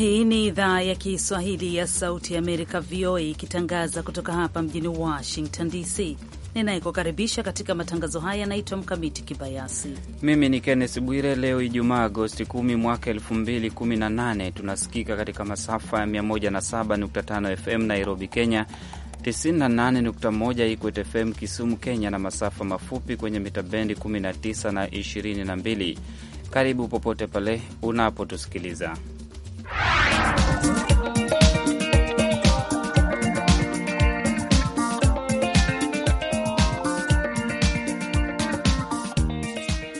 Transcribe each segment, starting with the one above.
Hii ni idhaa ya Kiswahili ya Sauti ya Amerika, VOA, ikitangaza kutoka hapa mjini Washington DC. Ninayekukaribisha katika matangazo haya yanaitwa Mkamiti Kibayasi. Mimi ni kennes Bwire. Leo Ijumaa Agosti 10 mwaka 2018, tunasikika katika masafa ya 107.5 FM Nairobi, Kenya, 98.1 Ikwet FM Kisumu, Kenya, na masafa mafupi kwenye mitabendi 19 na 22. Karibu popote pale unapotusikiliza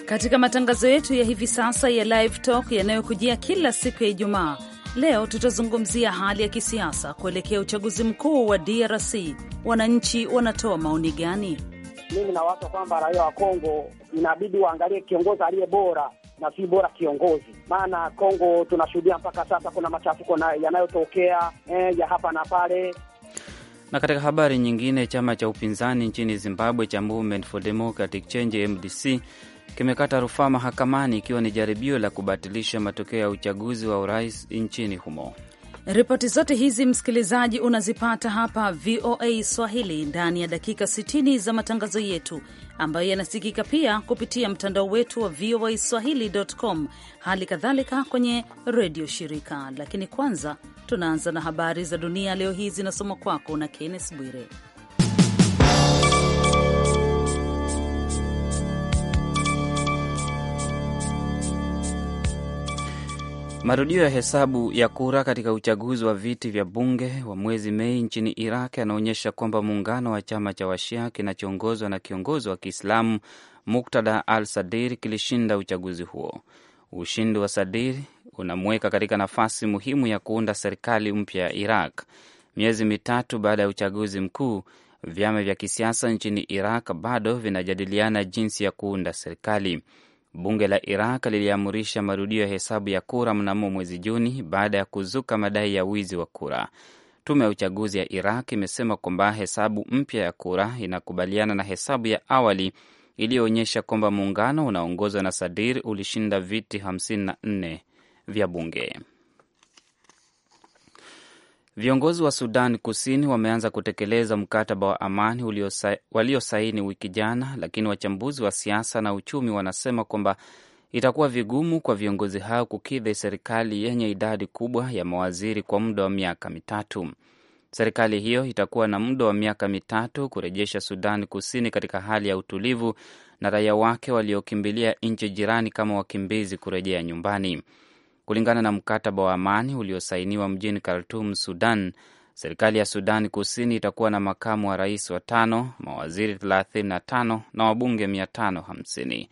katika matangazo yetu ya hivi sasa ya Live Talk yanayokujia kila siku ya Ijumaa, leo tutazungumzia hali ya kisiasa kuelekea uchaguzi mkuu wa DRC. Wananchi wanatoa maoni gani? Mimi nawaza kwamba raia wa Kongo inabidi waangalie kiongozi aliye bora na si bora kiongozi, maana Kongo tunashuhudia mpaka sasa kuna machafuko yanayotokea eh, ya hapa na pale. Na katika habari nyingine, chama cha upinzani nchini Zimbabwe cha Movement for Democratic Change MDC kimekata rufaa mahakamani ikiwa ni jaribio la kubatilisha matokeo ya uchaguzi wa urais nchini humo. Ripoti zote hizi msikilizaji, unazipata hapa VOA Swahili ndani ya dakika 60 za matangazo yetu ambayo yanasikika pia kupitia mtandao wetu wa VOA Swahili.com, hali kadhalika kwenye redio shirika. Lakini kwanza tunaanza na habari za dunia leo hii, zinasoma kwako na Kennes Bwire. Marudio ya hesabu ya kura katika uchaguzi wa viti vya bunge wa mwezi Mei nchini Iraq yanaonyesha kwamba muungano wa chama cha Washia kinachoongozwa na kiongozi wa Kiislamu Muktada al Sadir kilishinda uchaguzi huo. Ushindi wa Sadir unamweka katika nafasi muhimu ya kuunda serikali mpya ya Iraq. Miezi mitatu baada ya uchaguzi mkuu, vyama vya kisiasa nchini Iraq bado vinajadiliana jinsi ya kuunda serikali. Bunge la Iraq liliamrisha marudio ya hesabu ya kura mnamo mwezi Juni baada ya kuzuka madai ya wizi wa kura. Tume ya uchaguzi ya Iraq imesema kwamba hesabu mpya ya kura inakubaliana na hesabu ya awali iliyoonyesha kwamba muungano unaongozwa na Sadir ulishinda viti 54 vya bunge. Viongozi wa Sudan Kusini wameanza kutekeleza mkataba wa amani waliosaini wiki jana, lakini wachambuzi wa siasa na uchumi wanasema kwamba itakuwa vigumu kwa viongozi hao kukidhi serikali yenye idadi kubwa ya mawaziri kwa muda wa miaka mitatu. Serikali hiyo itakuwa na muda wa miaka mitatu kurejesha Sudan Kusini katika hali ya utulivu na raia wake waliokimbilia nchi jirani kama wakimbizi kurejea nyumbani kulingana na mkataba wa amani uliosainiwa mjini Khartum, Sudan. Serikali ya Sudan Kusini itakuwa na makamu wa rais watano, mawaziri 35 na wabunge 550.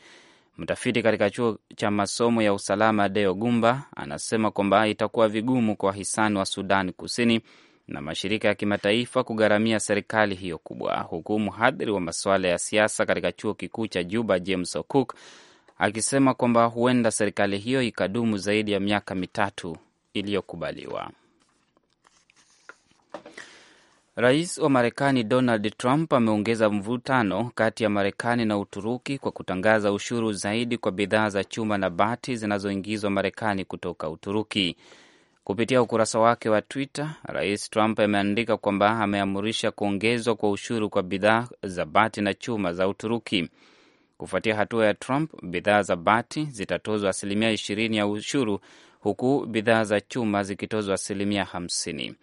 Mtafiti katika chuo cha masomo ya usalama Deo Gumba anasema kwamba itakuwa vigumu kwa wahisani wa Sudan Kusini na mashirika ya kimataifa kugharamia serikali hiyo kubwa, huku mhadhiri wa masuala ya siasa katika chuo kikuu cha Juba James O'Cook akisema kwamba huenda serikali hiyo ikadumu zaidi ya miaka mitatu iliyokubaliwa. Rais wa Marekani Donald Trump ameongeza mvutano kati ya Marekani na Uturuki kwa kutangaza ushuru zaidi kwa bidhaa za chuma na bati zinazoingizwa Marekani kutoka Uturuki. Kupitia ukurasa wake wa Twitter, Rais Trump ameandika kwamba ameamurisha kuongezwa kwa ushuru kwa bidhaa za bati na chuma za Uturuki. Kufuatia hatua ya Trump, bidhaa za bati zitatozwa asilimia ishirini ya ushuru huku bidhaa za chuma zikitozwa asilimia hamsini.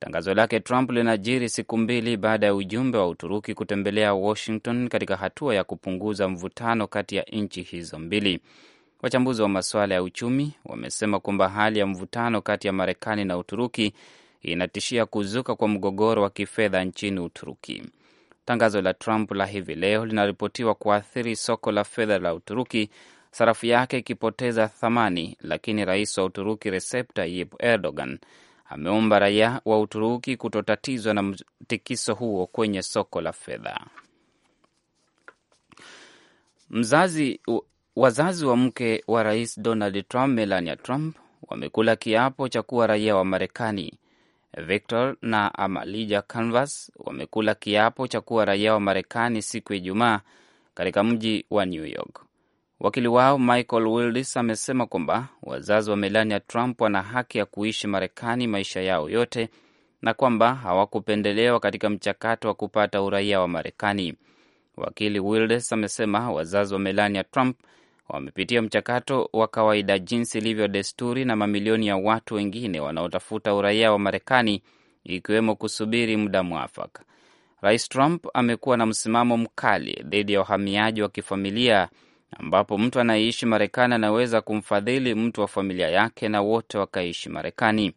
Tangazo lake Trump linajiri siku mbili baada ya ujumbe wa Uturuki kutembelea Washington katika hatua ya kupunguza mvutano kati ya nchi hizo mbili. Wachambuzi wa masuala ya uchumi wamesema kwamba hali ya mvutano kati ya Marekani na Uturuki inatishia kuzuka kwa mgogoro wa kifedha nchini Uturuki. Tangazo la Trump la hivi leo linaripotiwa kuathiri soko la fedha la Uturuki, sarafu yake ikipoteza thamani, lakini rais wa Uturuki Recep Tayyip Erdogan ameomba raia wa Uturuki kutotatizwa na mtikiso huo kwenye soko la fedha. Mzazi, wazazi wa mke wa rais Donald Trump, Melania Trump, wamekula kiapo cha kuwa raia wa Marekani. Victor na Amalija Canvas wamekula kiapo cha kuwa raia wa Marekani siku ya Ijumaa katika mji wa New York. Wakili wao Michael Wildis amesema kwamba wazazi wa Melania Trump wana haki ya kuishi Marekani maisha yao yote na kwamba hawakupendelewa katika mchakato wa kupata uraia wa Marekani. Wakili Wildis amesema wazazi wa Melania Trump wamepitia mchakato wa kawaida jinsi ilivyo desturi na mamilioni ya watu wengine wanaotafuta uraia wa Marekani, ikiwemo kusubiri muda mwafaka. Rais Trump amekuwa na msimamo mkali dhidi ya uhamiaji wa kifamilia, ambapo mtu anayeishi Marekani anaweza kumfadhili mtu wa familia yake na wote wakaishi Marekani.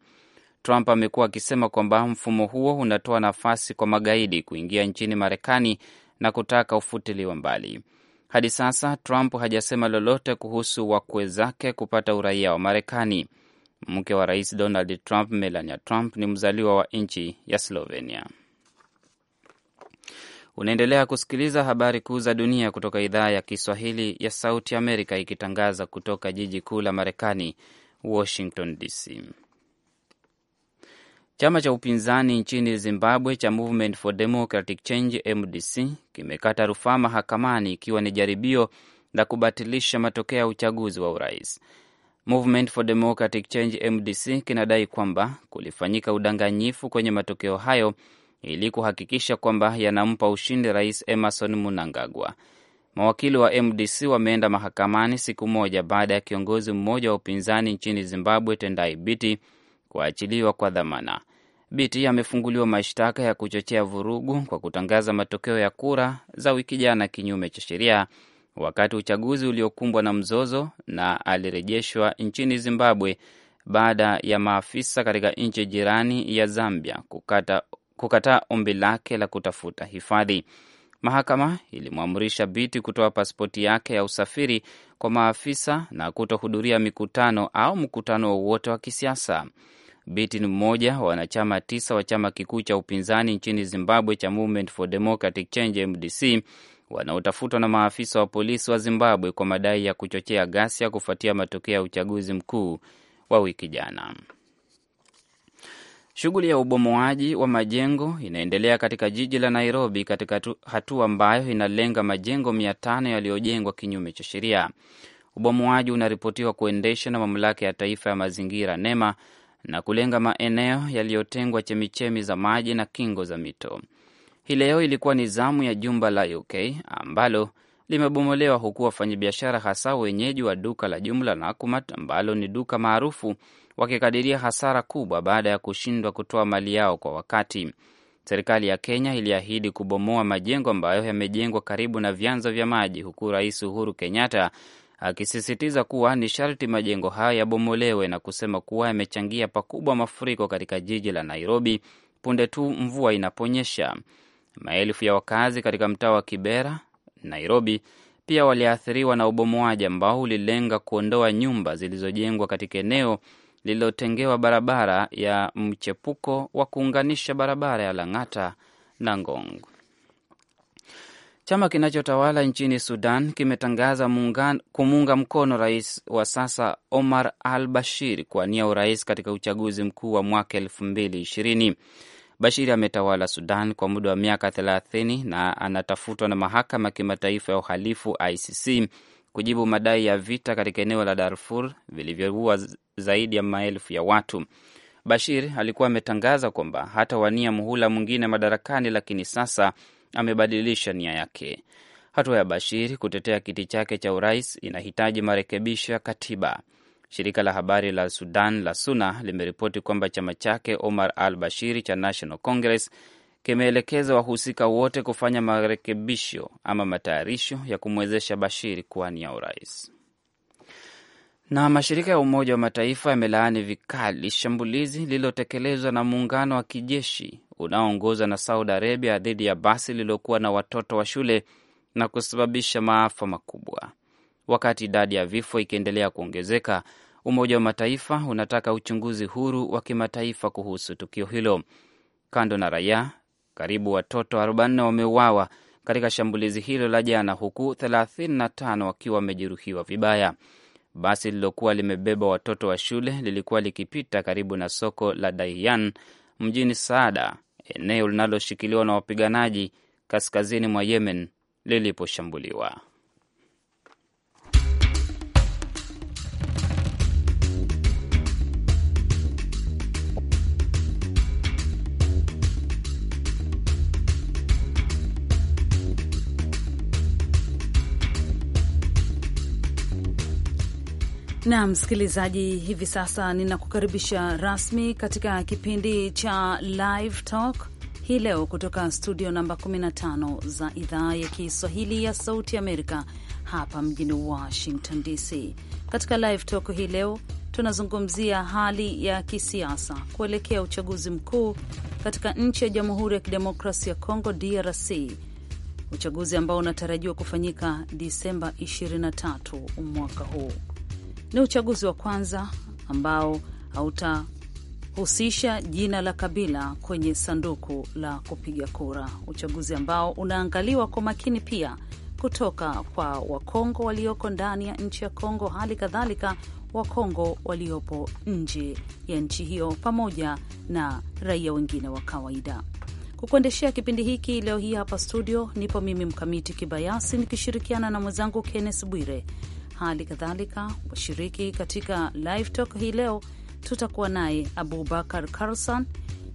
Trump amekuwa akisema kwamba mfumo huo unatoa nafasi kwa magaidi kuingia nchini Marekani na kutaka ufutiliwa mbali. Hadi sasa Trump hajasema lolote kuhusu wakwe zake kupata uraia wa Marekani. Mke wa rais Donald Trump, Melania Trump, ni mzaliwa wa nchi ya Slovenia. Unaendelea kusikiliza habari kuu za dunia kutoka idhaa ya Kiswahili ya Sauti Amerika, ikitangaza kutoka jiji kuu la Marekani, Washington DC. Chama cha upinzani nchini Zimbabwe cha Movement for Democratic Change MDC kimekata rufaa mahakamani ikiwa ni jaribio la kubatilisha matokeo ya uchaguzi wa urais. Movement for Democratic Change MDC kinadai kwamba kulifanyika udanganyifu kwenye matokeo hayo ili kuhakikisha kwamba yanampa ushindi Rais Emerson Mnangagwa. Mawakili wa MDC wameenda mahakamani siku moja baada ya kiongozi mmoja wa upinzani nchini Zimbabwe Tendai Biti kuachiliwa kwa dhamana. Biti amefunguliwa mashtaka ya kuchochea vurugu kwa kutangaza matokeo ya kura za wiki jana kinyume cha sheria wakati uchaguzi uliokumbwa na mzozo, na alirejeshwa nchini Zimbabwe baada ya maafisa katika nchi jirani ya Zambia kukataa ombi lake la kutafuta hifadhi. Mahakama ilimwamrisha Biti kutoa pasipoti yake ya usafiri kwa maafisa na kutohudhuria mikutano au mkutano wowote wa kisiasa. Biti ni mmoja wa wanachama tisa wa chama kikuu cha upinzani nchini Zimbabwe cha Movement for Democratic Change MDC wanaotafutwa na maafisa wa polisi wa Zimbabwe kwa madai ya kuchochea ghasia kufuatia matokeo ya uchaguzi mkuu wa wiki jana. Shughuli ya ubomoaji wa majengo inaendelea katika jiji la Nairobi, katika hatua ambayo inalenga majengo mia tano yaliyojengwa kinyume cha sheria. Ubomoaji unaripotiwa kuendeshwa na mamlaka ya taifa ya mazingira NEMA na kulenga maeneo yaliyotengwa chemichemi za maji na kingo za mito. Hii leo ilikuwa ni zamu ya jumba la UK ambalo limebomolewa huku wafanyabiashara hasa wenyeji wa duka la jumla Akumat ambalo ni duka maarufu wakikadiria hasara kubwa baada ya kushindwa kutoa mali yao kwa wakati. Serikali ya Kenya iliahidi kubomoa majengo ambayo yamejengwa karibu na vyanzo vya maji, huku Rais Uhuru Kenyatta akisisitiza kuwa ni sharti majengo hayo yabomolewe na kusema kuwa yamechangia pakubwa mafuriko katika jiji la Nairobi punde tu mvua inaponyesha. Maelfu ya wakazi katika mtaa wa Kibera, Nairobi, pia waliathiriwa na ubomoaji ambao ulilenga kuondoa nyumba zilizojengwa katika eneo lililotengewa barabara ya mchepuko wa kuunganisha barabara ya Lang'ata na Ngong. Chama kinachotawala nchini Sudan kimetangaza kumuunga mkono rais wa sasa Omar al Bashir kuwania urais katika uchaguzi mkuu wa mwaka elfu mbili ishirini. Bashir ametawala Sudan kwa muda wa miaka thelathini na anatafutwa na mahakama ya kimataifa ya uhalifu ICC kujibu madai ya vita katika eneo la Darfur vilivyoua zaidi ya maelfu ya watu. Bashir alikuwa ametangaza kwamba hatawania muhula mwingine madarakani, lakini sasa amebadilisha nia yake. Hatua ya Bashir kutetea kiti chake cha urais inahitaji marekebisho ya katiba. Shirika la habari la Sudan la SUNA limeripoti kwamba chama chake Omar al Bashir cha National Congress kimeelekeza wahusika wote kufanya marekebisho ama matayarisho ya kumwezesha Bashir kuwania urais. Na mashirika ya Umoja wa Mataifa yamelaani vikali shambulizi lililotekelezwa na muungano wa kijeshi unaoongozwa na Saudi Arabia dhidi ya basi lililokuwa na watoto wa shule na kusababisha maafa makubwa. Wakati idadi ya vifo ikiendelea kuongezeka, Umoja wa Mataifa unataka uchunguzi huru wa kimataifa kuhusu tukio hilo. Kando na raia, karibu watoto 40 wameuawa katika shambulizi hilo la jana, huku 35 wakiwa wamejeruhiwa vibaya. Basi lililokuwa limebeba watoto wa shule lilikuwa likipita karibu na soko la Daiyan mjini Saada eneo linaloshikiliwa na wapiganaji kaskazini mwa Yemen liliposhambuliwa. Na msikilizaji, hivi sasa ninakukaribisha rasmi katika kipindi cha Live Talk hii leo kutoka studio namba 15 za idhaa ya Kiswahili ya Sauti Amerika hapa mjini Washington DC. Katika Live Talk hii leo tunazungumzia hali ya kisiasa kuelekea uchaguzi mkuu katika nchi ya Jamhuri ya Kidemokrasia ya Kongo, DRC, uchaguzi ambao unatarajiwa kufanyika Disemba 23 mwaka huu ni uchaguzi wa kwanza ambao hautahusisha jina la kabila kwenye sanduku la kupiga kura, uchaguzi ambao unaangaliwa kwa makini pia kutoka kwa Wakongo walioko ndani ya nchi ya Kongo, hali kadhalika Wakongo waliopo nje ya nchi hiyo, pamoja na raia wengine wa kawaida. Kukuendeshea kipindi hiki leo hii hapa studio nipo mimi Mkamiti Kibayasi nikishirikiana na mwenzangu Kennes Bwire. Hali kadhalika washiriki katika live talk hii leo tutakuwa naye Abubakar Carlson,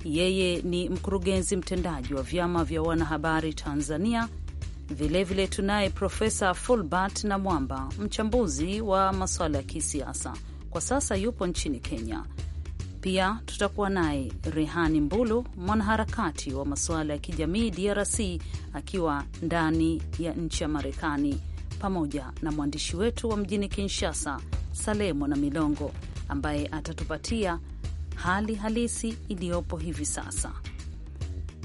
yeye ni mkurugenzi mtendaji wa vyama vya wanahabari Tanzania. Vilevile tunaye Profesa Fulbert na Mwamba, mchambuzi wa masuala ya kisiasa, kwa sasa yupo nchini Kenya. Pia tutakuwa naye Rehani Mbulu, mwanaharakati wa masuala ya kijamii DRC, akiwa ndani ya nchi ya Marekani pamoja na mwandishi wetu wa mjini Kinshasa, Saleh Mwanamilongo, ambaye atatupatia hali halisi iliyopo hivi sasa.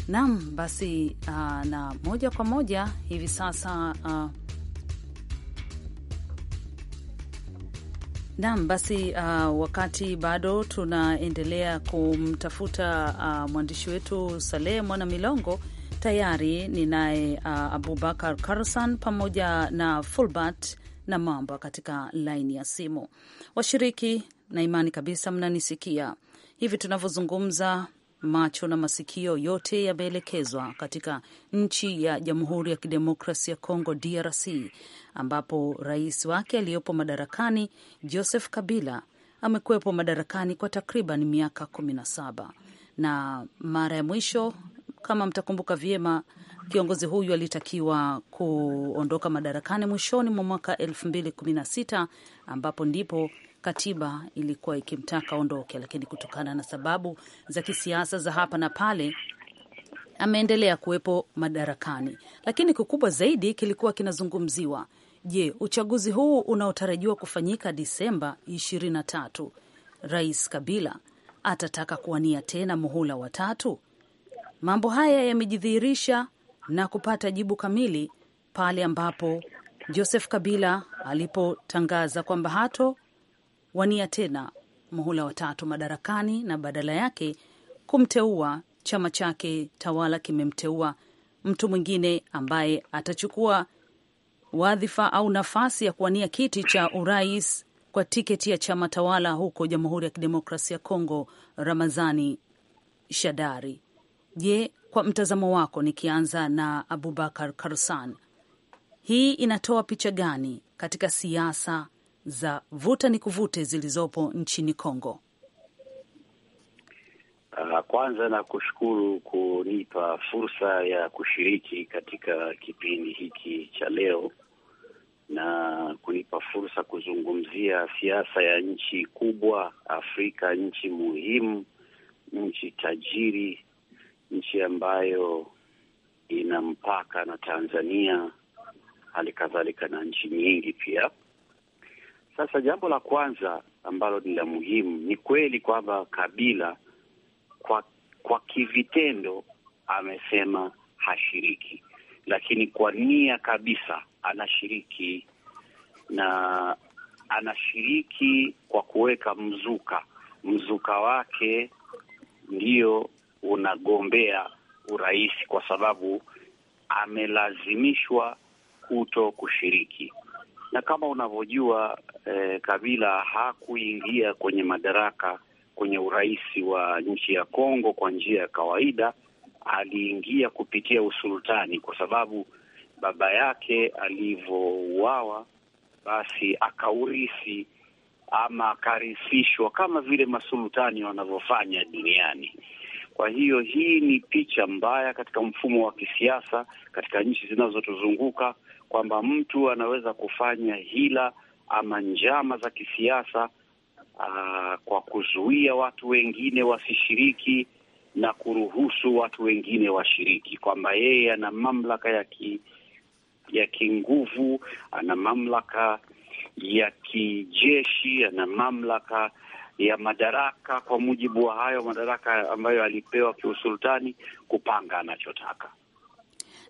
Naam, basi uh, na moja kwa moja hivi sasa uh, Naam, basi uh, wakati bado tunaendelea kumtafuta uh, mwandishi wetu Saleh Mwana Milongo, tayari ninaye uh, Abubakar Karsan pamoja na Fulbert na Mamba katika laini ya simu. Washiriki, na imani kabisa mnanisikia hivi tunavyozungumza. Macho na masikio yote yameelekezwa katika nchi ya Jamhuri ya Kidemokrasi ya Kongo, DRC, ambapo rais wake aliyepo madarakani Joseph Kabila amekuwepo madarakani kwa takriban miaka kumi na saba na mara ya mwisho kama mtakumbuka vyema, kiongozi huyu alitakiwa kuondoka madarakani mwishoni mwa mwaka elfu mbili kumi na sita ambapo ndipo katiba ilikuwa ikimtaka aondoke, lakini kutokana na sababu za kisiasa za hapa na pale ameendelea kuwepo madarakani. Lakini kikubwa zaidi kilikuwa kinazungumziwa, je, uchaguzi huu unaotarajiwa kufanyika Disemba tatu, Rais Kabila atataka kuwania tena muhula watatu? Mambo haya yamejidhihirisha na kupata jibu kamili pale ambapo Joseph Kabila alipotangaza kwamba hato wania tena muhula watatu madarakani na badala yake kumteua chama chake tawala kimemteua mtu mwingine ambaye atachukua wadhifa au nafasi ya kuwania kiti cha urais kwa tiketi ya chama tawala huko Jamhuri ya Kidemokrasia ya Kongo, Ramazani Shadari. Je, kwa mtazamo wako, nikianza na Abubakar Karsan, hii inatoa picha gani katika siasa za vuta ni kuvute zilizopo nchini Kongo? Ah, kwanza na kushukuru kunipa fursa ya kushiriki katika kipindi hiki cha leo na kunipa fursa kuzungumzia siasa ya nchi kubwa Afrika, nchi muhimu, nchi tajiri nchi ambayo ina mpaka na Tanzania, hali kadhalika na nchi nyingi pia. Sasa jambo la kwanza ambalo ni la muhimu, ni kweli kwamba Kabila kwa kwa kivitendo amesema hashiriki, lakini kwa nia kabisa anashiriki, na anashiriki kwa kuweka mzuka. Mzuka wake ndiyo unagombea urais kwa sababu amelazimishwa kuto kushiriki. Na kama unavyojua eh, Kabila hakuingia kwenye madaraka kwenye urais wa nchi ya Kongo kwa njia ya kawaida, aliingia kupitia usultani, kwa sababu baba yake alivyouawa, basi akaurithi ama akarisishwa kama vile masultani wanavyofanya duniani. Kwa hiyo hii ni picha mbaya katika mfumo wa kisiasa katika nchi zinazotuzunguka kwamba mtu anaweza kufanya hila ama njama za kisiasa aa, ah, kwa kuzuia watu wengine wasishiriki na kuruhusu watu wengine washiriki, kwamba yeye ana mamlaka ya ki, ya kinguvu, ana mamlaka ya kijeshi, ana mamlaka ya madaraka kwa mujibu wa hayo madaraka ambayo alipewa kiusultani kupanga anachotaka.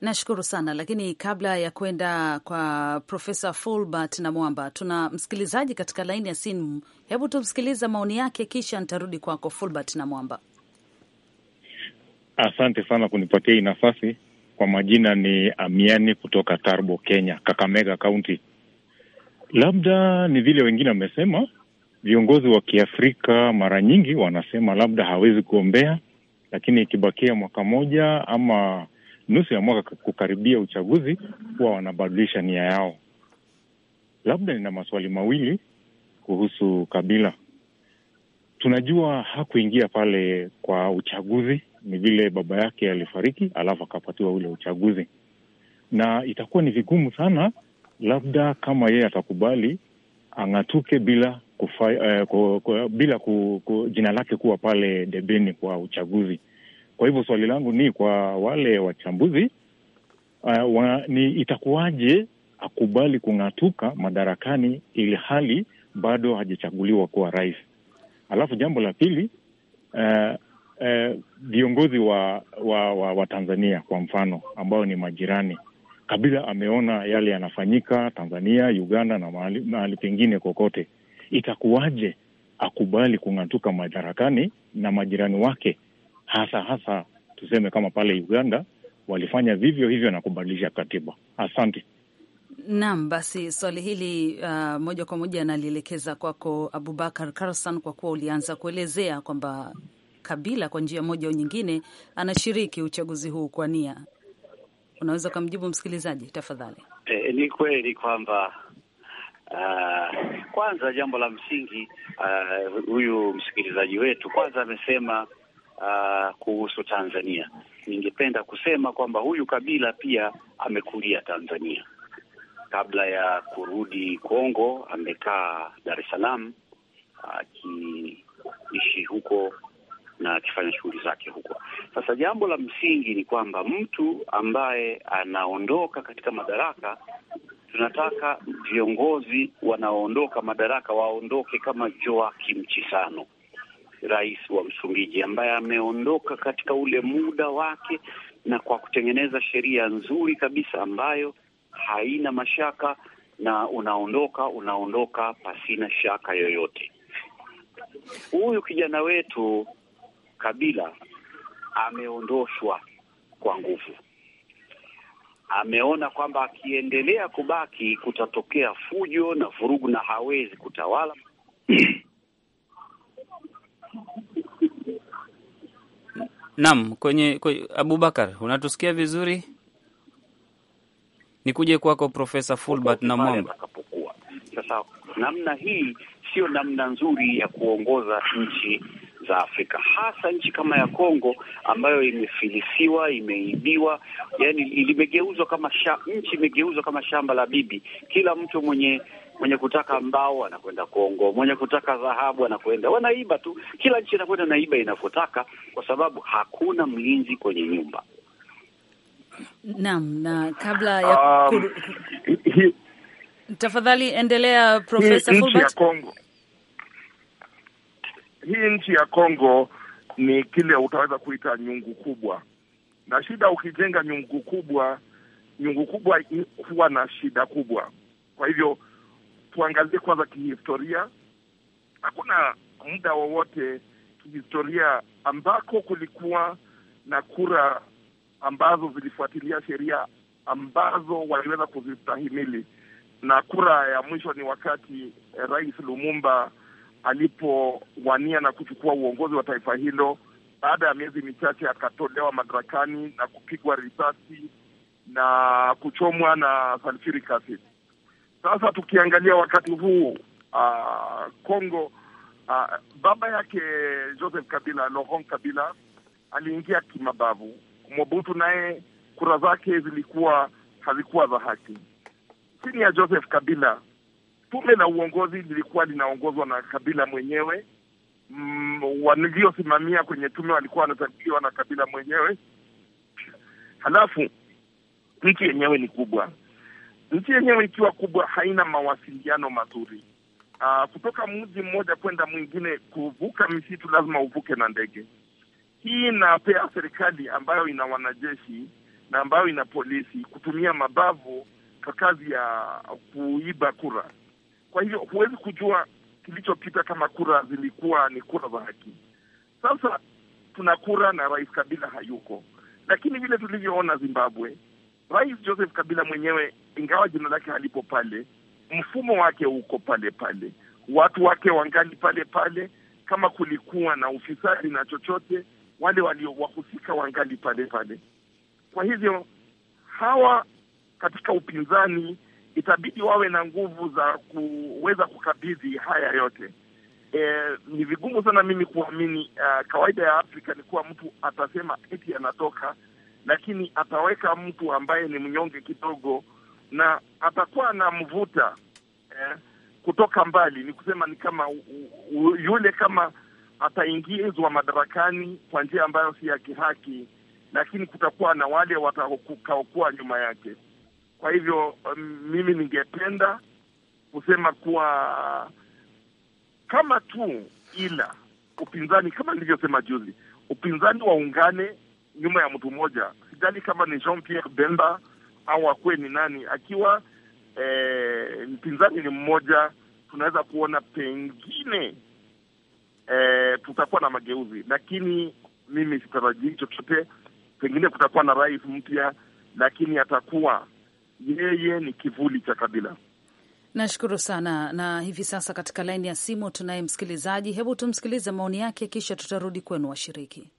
Nashukuru sana lakini, kabla ya kwenda kwa Profesa Fulbert na Mwamba, tuna msikilizaji katika laini ya simu. Hebu tumsikiliza maoni yake, kisha nitarudi kwako Fulbert na Mwamba. Asante sana kunipatia hii nafasi. Kwa majina ni Amiani kutoka Tarbo, Kenya, Kakamega Kaunti. Labda ni vile wengine wamesema, viongozi wa Kiafrika mara nyingi wanasema labda hawezi kuombea, lakini ikibakia mwaka moja ama nusu ya mwaka kukaribia uchaguzi, huwa wanabadilisha nia yao. Labda nina maswali mawili kuhusu Kabila. Tunajua hakuingia pale kwa uchaguzi, ni vile baba yake alifariki, alafu akapatiwa ule uchaguzi, na itakuwa ni vigumu sana, labda kama yeye atakubali ang'atuke bila kufa, uh, eh, ku, ku, bila ku, ku, jina lake kuwa pale debeni kwa uchaguzi. Kwa hivyo swali langu ni kwa wale wachambuzi uh, wa, ni itakuwaje akubali kung'atuka madarakani ili hali bado hajachaguliwa kuwa rais? Alafu jambo la pili uh, viongozi uh, wa, wa, wa, wa Tanzania kwa mfano ambao ni majirani. Kabila ameona yale yanafanyika Tanzania, Uganda na mahali pengine kokote itakuwaje akubali kung'atuka madarakani na majirani wake, hasa hasa tuseme kama pale Uganda walifanya vivyo hivyo na kubadilisha katiba. Asante. Naam, basi swali hili uh, moja kwa moja nalielekeza kwako Abubakar Karsan, kwa kuwa ulianza kuelezea kwamba Kabila kwa njia moja au nyingine anashiriki uchaguzi huu kwa nia. Unaweza ukamjibu msikilizaji tafadhali? E, ni kweli kwamba Uh, kwanza jambo la msingi uh, huyu msikilizaji wetu kwanza amesema uh, kuhusu Tanzania. Ningependa kusema kwamba huyu Kabila pia amekulia Tanzania kabla ya kurudi Kongo, amekaa Dar es Salaam akiishi uh, huko na akifanya shughuli zake huko. Sasa jambo la msingi ni kwamba mtu ambaye anaondoka katika madaraka tunataka viongozi wanaoondoka madaraka waondoke kama Joaquim Chissano, rais wa Msumbiji, ambaye ameondoka katika ule muda wake na kwa kutengeneza sheria nzuri kabisa ambayo haina mashaka, na unaondoka unaondoka pasina shaka yoyote. Huyu kijana wetu Kabila ameondoshwa kwa nguvu ameona kwamba akiendelea kubaki kutatokea fujo na vurugu na hawezi kutawala. Naam, kwenye, kwenye Abubakar, unatusikia vizuri? Nikuje kwako Profesa Fulbert na Mwamba. Sasa namna hii sio namna nzuri ya kuongoza nchi za Afrika, hasa nchi kama ya Kongo ambayo imefilisiwa, imeibiwa, yani limegeuzwa kama sha, nchi imegeuzwa kama shamba la bibi. Kila mtu mwenye mwenye kutaka mbao anakwenda Kongo, mwenye kutaka dhahabu anakwenda, wanaiba tu. Kila nchi inakwenda naiba inavyotaka, kwa sababu hakuna mlinzi kwenye nyumba. Naam, na kabla ya um, kuru... tafadhali endelea Profesa Fulbert hii nchi ya Kongo ni kile utaweza kuita nyungu kubwa, na shida, ukijenga nyungu kubwa, nyungu kubwa huwa na shida kubwa. Kwa hivyo tuangazie kwanza kihistoria. Hakuna muda wowote kihistoria ambako kulikuwa na kura ambazo zilifuatilia sheria ambazo waliweza kuzistahimili, na kura ya mwisho ni wakati Rais Lumumba alipowania na kuchukua uongozi wa taifa hilo. Baada ya miezi michache akatolewa madarakani na kupigwa risasi na kuchomwa na sulfuric acid. Sasa tukiangalia wakati huu uh, uh, baba yake Joseph Kabila, Laurent Kabila aliingia kimabavu. Mobutu naye kura zake zilikuwa hazikuwa za haki. Chini ya Joseph Kabila tume la uongozi lilikuwa linaongozwa na Kabila mwenyewe. Mm, waliosimamia kwenye tume walikuwa wanatakiwa na Kabila mwenyewe. Halafu nchi yenyewe ni kubwa. Nchi yenyewe ikiwa kubwa, haina mawasiliano mazuri. Uh, kutoka mji mmoja kwenda mwingine, kuvuka misitu lazima uvuke na ndege. Hii inapea serikali ambayo ina wanajeshi na ambayo ina polisi kutumia mabavu kwa kazi ya kuiba kura. Kwa hivyo huwezi kujua kilichopita kama kura zilikuwa ni kura za haki. Sasa tuna kura na Rais Kabila hayuko, lakini vile tulivyoona Zimbabwe, Rais Joseph Kabila mwenyewe, ingawa jina lake halipo pale, mfumo wake uko pale pale, watu wake wangali pale pale. Kama kulikuwa na ufisadi na chochote, wale waliowahusika wangali pale pale. Kwa hivyo hawa katika upinzani itabidi wawe na nguvu za kuweza kukabidhi haya yote. E, ni vigumu sana mimi kuamini. Uh, kawaida ya Afrika ni kuwa mtu atasema eti anatoka, lakini ataweka mtu ambaye ni mnyonge kidogo na atakuwa anamvuta eh, kutoka mbali. Ni kusema ni kama u, u, yule kama ataingizwa madarakani kwa njia ambayo si ya kihaki, lakini kutakuwa na wale watakaokuwa nyuma yake. Kwa hivyo um, mimi ningependa kusema kuwa kama tu ila upinzani, kama nilivyosema juzi, upinzani waungane nyuma ya mtu mmoja, sijali kama ni Jean Pierre Bemba au akuwe ni nani, akiwa eh, mpinzani ni mmoja, tunaweza kuona pengine eh, tutakuwa na mageuzi, lakini mimi sitarajii chochote. Pengine kutakuwa na rais mpya, lakini atakuwa yeye ni kivuli cha Kabila. Nashukuru sana. Na hivi sasa katika laini ya simu tunaye msikilizaji, hebu tumsikilize maoni yake, kisha tutarudi kwenu washiriki.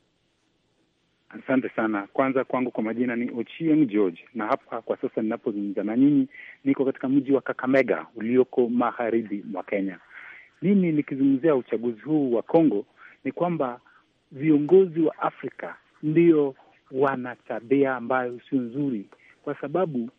Asante sana. Kwanza kwangu kwa majina ni Ochieng George, na hapa kwa sasa ninapozungumza na nyinyi niko katika mji wa Kakamega ulioko magharibi mwa Kenya. Mimi nikizungumzia uchaguzi huu wa congo ni kwamba viongozi wa Afrika ndio wana tabia ambayo sio nzuri, kwa sababu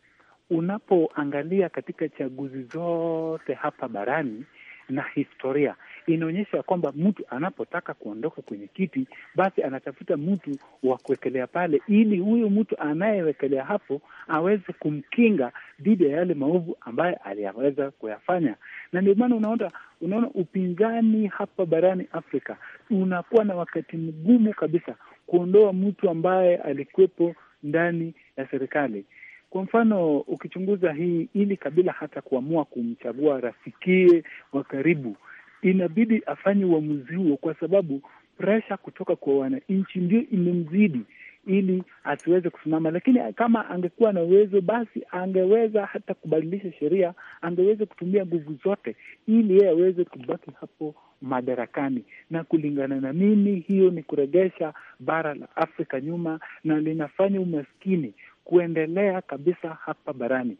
unapoangalia katika chaguzi zote hapa barani na historia inaonyesha kwamba mtu anapotaka kuondoka kwenye kiti, basi anatafuta mtu wa kuwekelea pale, ili huyu mtu anayewekelea hapo aweze kumkinga dhidi ya yale maovu ambayo aliyaweza kuyafanya. Na ndio maana unaona unaona upinzani hapa barani Afrika unakuwa na wakati mgumu kabisa kuondoa mtu ambaye alikuwepo ndani ya serikali. Kwa mfano ukichunguza hii, ili Kabila hata kuamua kumchagua rafikie wa karibu, inabidi afanye uamuzi huo, kwa sababu presha kutoka kwa wananchi ndio imemzidi ili asiweze kusimama. Lakini kama angekuwa na uwezo, basi angeweza hata kubadilisha sheria, angeweza kutumia nguvu zote ili yeye aweze kubaki hapo madarakani. Na kulingana na mimi, hiyo ni kuregesha bara la Afrika nyuma na linafanya umaskini kuendelea kabisa hapa barani.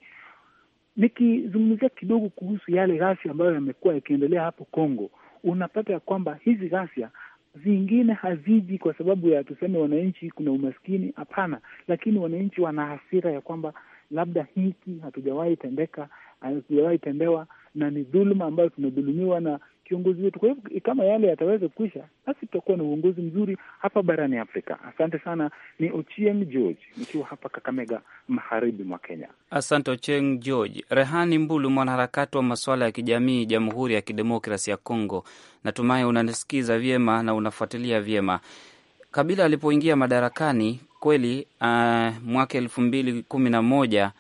Nikizungumzia kidogo kuhusu yale ghasia ambayo yamekuwa yakiendelea hapo Kongo, unapata ya kwamba hizi ghasia zingine haziji kwa sababu ya tuseme, wananchi kuna umaskini, hapana, lakini wananchi wana hasira ya kwamba labda hiki hatujawahi tendeka, hatujawahi tendewa, na ni dhuluma ambayo tumedhulumiwa na kiongozi wetu. Kwa hivyo kama yale yataweza kuisha, basi tutakuwa na uongozi mzuri hapa barani Afrika. Asante sana, ni Ochieng George nikiwa hapa Kakamega, magharibi mwa Kenya. Asante Ochieng George. Rehani Mbulu, mwanaharakati wa masuala ya kijamii, Jamhuri ya Kidemokrasi ya congo natumai unanisikiza vyema na unafuatilia vyema. Kabila alipoingia madarakani kweli, uh, mwaka elfu mbili kumi na moja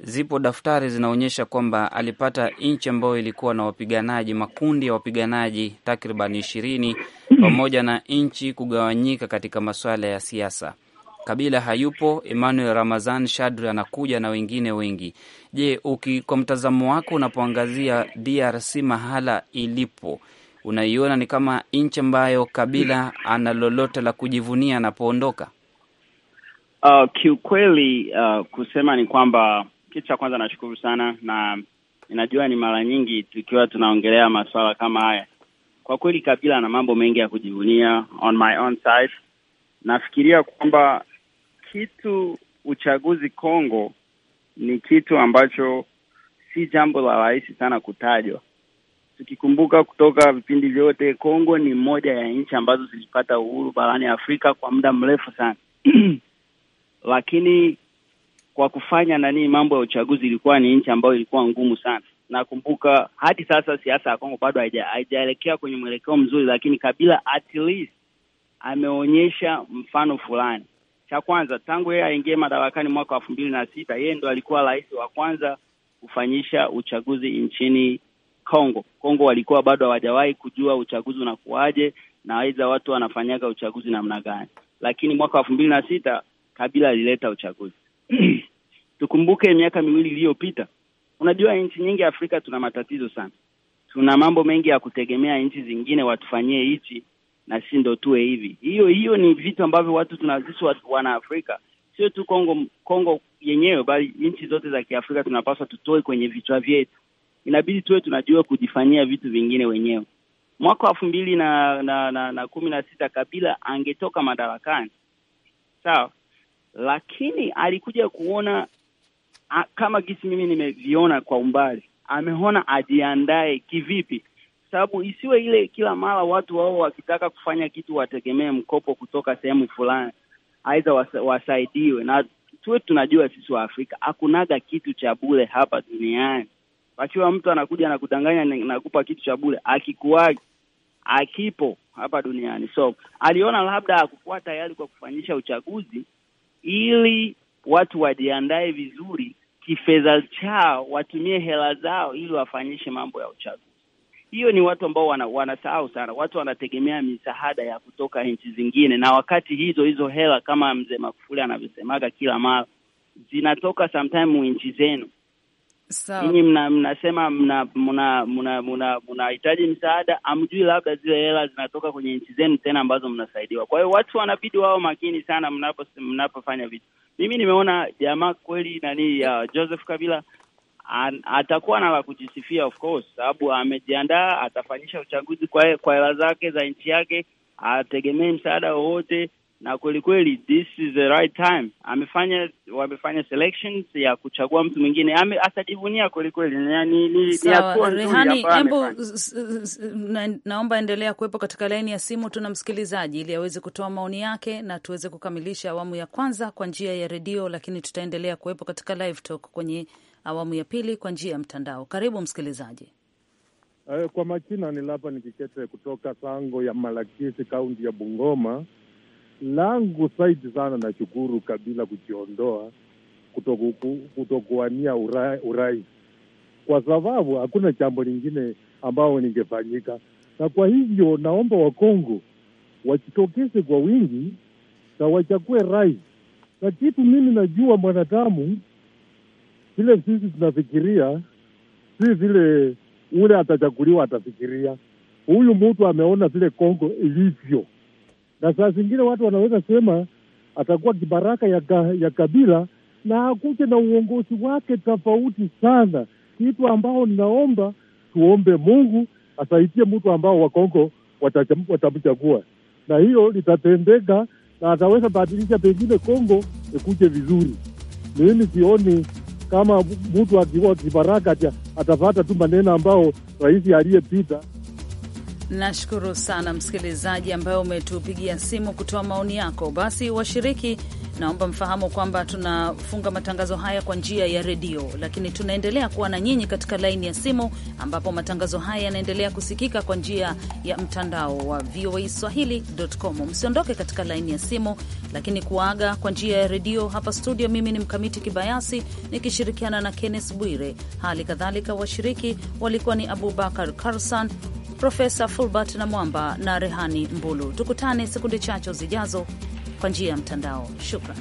zipo daftari zinaonyesha kwamba alipata nchi ambayo ilikuwa na wapiganaji, makundi ya wapiganaji takriban ishirini, pamoja na nchi kugawanyika katika masuala ya siasa. Kabila hayupo, Emmanuel Ramazan Shadri anakuja na wengine wengi. Je, uki kwa mtazamo wako unapoangazia DRC mahala ilipo, unaiona ni kama nchi ambayo Kabila ana lolote la kujivunia anapoondoka? Uh, kiukweli uh, kusema ni kwamba kitu cha kwanza nashukuru sana, na inajua ni mara nyingi tukiwa tunaongelea masuala kama haya, kwa kweli Kabila na mambo mengi ya kujivunia. On my own side, nafikiria kwamba kitu uchaguzi Kongo ni kitu ambacho si jambo la rahisi sana kutajwa, tukikumbuka kutoka vipindi vyote, Kongo ni moja ya nchi ambazo zilipata uhuru barani Afrika kwa muda mrefu sana lakini kwa kufanya nani mambo ya uchaguzi, ilikuwa ni nchi ambayo ilikuwa ngumu sana. Nakumbuka hadi sasa siasa ya Kongo bado haijaelekea kwenye mwelekeo mzuri, lakini Kabila at least ameonyesha mfano fulani. Cha kwanza tangu yeye aingie madarakani mwaka wa elfu mbili na sita yeye ndo alikuwa rais wa kwanza kufanyisha uchaguzi nchini Kongo. Kongo walikuwa bado hawajawahi kujua uchaguzi unakuwaje na aidha watu wanafanyaga uchaguzi namna gani, lakini mwaka wa elfu mbili na sita Kabila alileta uchaguzi. tukumbuke miaka miwili iliyopita. Unajua, nchi nyingi Afrika tuna matatizo sana, tuna mambo mengi ya kutegemea nchi zingine watufanyie hichi na si ndo tuwe hivi. Hiyo hiyo ni vitu ambavyo watu tunasisi wana Afrika, sio tu Kongo Kongo yenyewe, bali nchi zote za Kiafrika tunapaswa tutoe kwenye vichwa vyetu. Inabidi tuwe tunajua kujifanyia vitu vingine wenyewe. Mwaka wa elfu mbili na, na, na, na kumi na sita Kabila angetoka madarakani, sawa lakini alikuja kuona a, kama gisi mimi nimeviona kwa umbali, ameona ajiandae kivipi, sababu isiwe ile kila mara watu wao wakitaka kufanya kitu wategemee mkopo kutoka sehemu fulani, aidha wasaidiwe na tuwe tunajua sisi wa Afrika hakunaga kitu cha bure hapa duniani. Wakiwa mtu anakuja na kudanganya nakupa kitu cha bure, akikuwagi akipo hapa duniani. So aliona labda hakukuwa tayari kwa kufanyisha uchaguzi ili watu wajiandae vizuri kifedha chao, watumie hela zao ili wafanyishe mambo ya uchaguzi. Hiyo ni watu ambao wana, wanasahau sana. Watu wanategemea misaada ya kutoka nchi zingine, na wakati hizo hizo hela kama mzee Magufuli anavyosemaga kila mara zinatoka sometime nchi zenu Ninyi mna, mnasema mna mnahitaji msaada, amjui labda zile hela zinatoka kwenye nchi zenu tena ambazo mnasaidiwa. Kwa hiyo watu wanabidi wao makini sana mnapo mnapofanya vitu. Mimi nimeona jamaa kweli nani ya uh, Joseph Kabila an, atakuwa na la kujisifia of course, sababu amejiandaa, atafanyisha uchaguzi kwa kwa hela zake za nchi yake, ategemee msaada wowote na kweli kweli, this is the right time. Amefanya wamefanya selections ya kuchagua mtu mwingine, atajivunia kweli kweli. Rehani, hebu naomba endelea kuwepo katika laini ya simu, tuna msikilizaji ili aweze kutoa maoni yake na tuweze kukamilisha awamu ya kwanza kwa njia ya redio, lakini tutaendelea kuwepo katika live talk kwenye awamu ya pili kwa njia ya mtandao. Karibu msikilizaji. Eh, kwa majina ni Lapa Nikikete kutoka Sango ya Malakisi, kaunti ya Bungoma langu saidi sana na shukuru Kabila kujiondoa kutokuwania urais kwa sababu hakuna jambo lingine ambao ningefanyika, na kwa hivyo naomba Wakongo wajitokeze kwa wingi na wachakue rais. Na kitu mimi najua mwanadamu, vile sisi tunafikiria si vile ule atachaguliwa atafikiria. Huyu mtu ameona vile Kongo ilivyo na saa zingine watu wanaweza sema atakuwa kibaraka ya, ka, ya Kabila na akuje na uongozi wake tofauti sana, kitu ambao ninaomba tuombe Mungu asaidie mtu ambao Wakongo watamchagua, na hiyo litatendeka na ataweza badilisha pengine Kongo ikuje vizuri. Mimi sioni kama mtu akiwa kibaraka atapata tu maneno ambao rais aliyepita Nashukuru sana msikilizaji ambaye umetupigia simu kutoa maoni yako. Basi washiriki, naomba mfahamu kwamba tunafunga matangazo haya kwa njia ya redio, lakini tunaendelea kuwa na nyinyi katika laini ya simu, ambapo matangazo haya yanaendelea kusikika kwa njia ya mtandao wa VOA Swahili.com. Msiondoke katika laini ya simu, lakini kuaga kwa njia ya redio hapa studio. Mimi ni Mkamiti Kibayasi nikishirikiana na Kenneth Bwire. Hali kadhalika washiriki walikuwa ni Abubakar Karsan Profesa Fulbert na Mwamba na Rehani Mbulu. Tukutane sekunde chache zijazo kwa njia ya mtandao. Shukran.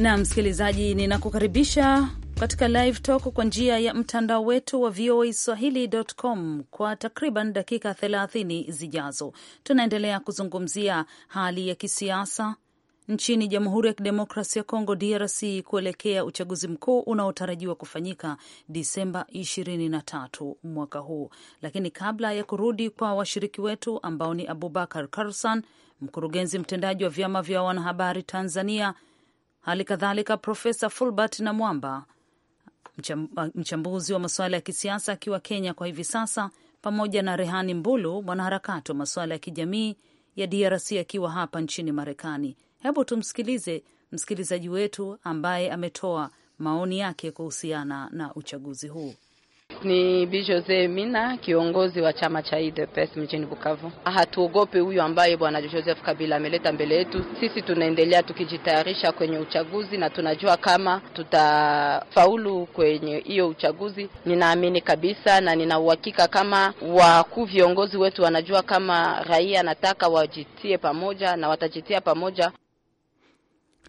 na msikilizaji, ninakukaribisha katika live talk kwa njia ya mtandao wetu wa VOA Swahili.com kwa takriban dakika 30 zijazo. Tunaendelea kuzungumzia hali ya kisiasa nchini Jamhuri ya Kidemokrasia ya Kongo, DRC, kuelekea uchaguzi mkuu unaotarajiwa kufanyika Disemba 23 mwaka huu. Lakini kabla ya kurudi kwa washiriki wetu ambao ni Abubakar Karsan, mkurugenzi mtendaji wa vyama vya wanahabari Tanzania, Hali kadhalika Profesa Fulbert na Mwamba, mchambuzi wa masuala ya kisiasa akiwa Kenya kwa hivi sasa, pamoja na Rehani Mbulu, mwanaharakati wa masuala ya kijamii ya DRC akiwa hapa nchini Marekani. Hebu tumsikilize msikilizaji wetu ambaye ametoa maoni yake kuhusiana na uchaguzi huu. Ni Bi Jose Mina, kiongozi wa chama cha UDPS mjini Bukavu. hatuogope huyu ambaye bwana Joseph Kabila ameleta mbele yetu. Sisi tunaendelea tukijitayarisha kwenye uchaguzi na tunajua kama tutafaulu kwenye hiyo uchaguzi. Ninaamini kabisa na nina uhakika kama wakuu viongozi wetu wanajua kama raia anataka wajitie pamoja na watajitia pamoja.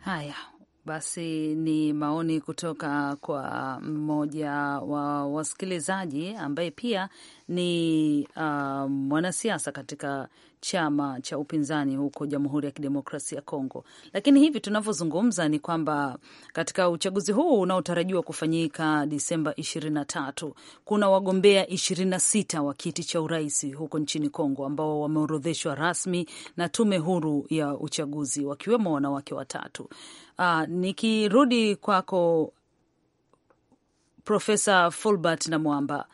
Haya. Basi ni maoni kutoka kwa mmoja wa wasikilizaji ambaye pia ni uh, mwanasiasa katika chama cha upinzani huko Jamhuri ya Kidemokrasia ya Kongo. Lakini hivi tunavyozungumza ni kwamba katika uchaguzi huu unaotarajiwa kufanyika Disemba 23 kuna wagombea 26 wa kiti cha urais huko nchini Kongo ambao wameorodheshwa rasmi na tume huru ya uchaguzi, wakiwemo wanawake watatu. Aa, ah, nikirudi kwako Profesa Fulbert na Mwamba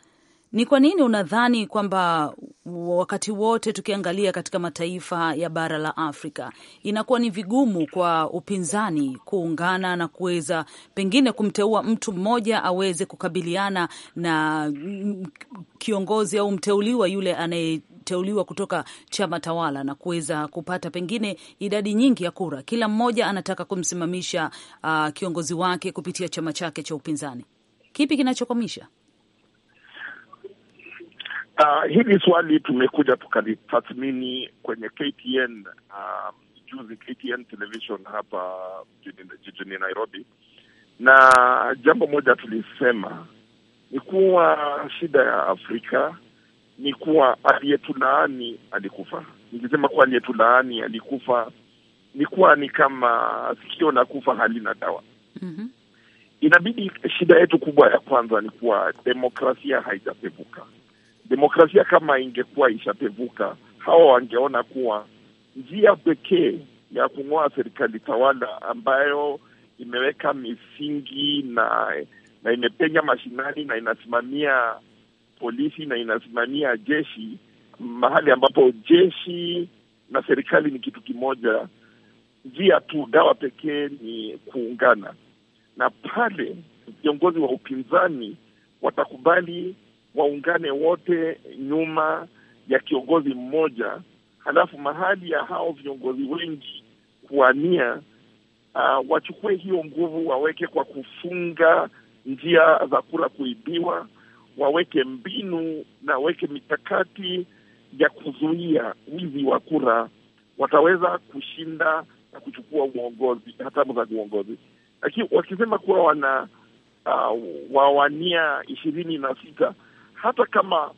ni kwa nini unadhani kwamba wakati wote tukiangalia katika mataifa ya bara la Afrika inakuwa ni vigumu kwa upinzani kuungana na kuweza pengine kumteua mtu mmoja aweze kukabiliana na kiongozi au mteuliwa yule anayeteuliwa kutoka chama tawala na kuweza kupata pengine idadi nyingi ya kura? Kila mmoja anataka kumsimamisha uh, kiongozi wake kupitia chama chake cha upinzani. Kipi kinachokwamisha? Uh, hili swali tumekuja tukalitathmini kwenye KTN um, juzi KTN television hapa jijini Nairobi, na jambo moja tulisema ni kuwa shida ya Afrika ni kuwa aliyetulaani alikufa. Nikisema kuwa aliyetulaani alikufa ni kuwa ni kama sikio la kufa halina dawa. mm -hmm. Inabidi shida yetu kubwa ya kwanza ni kuwa demokrasia haijapevuka Demokrasia kama ingekuwa ishapevuka, hawa wangeona kuwa njia pekee ya kung'oa serikali tawala ambayo imeweka misingi na na imepenya mashinani na inasimamia polisi na inasimamia jeshi, mahali ambapo jeshi na serikali ni kitu kimoja. Njia tu, dawa pekee ni kuungana, na pale viongozi wa upinzani watakubali waungane wote nyuma ya kiongozi mmoja, halafu mahali ya hao viongozi wengi kuania uh, ah, wachukue hiyo nguvu waweke kwa kufunga njia za kura kuibiwa, waweke mbinu na waweke mikakati ya kuzuia wizi wa kura, wataweza kushinda na kuchukua uongozi, hatamu za uongozi. Lakini wakisema kuwa wana uh, ah, wawania ishirini na sita hata kama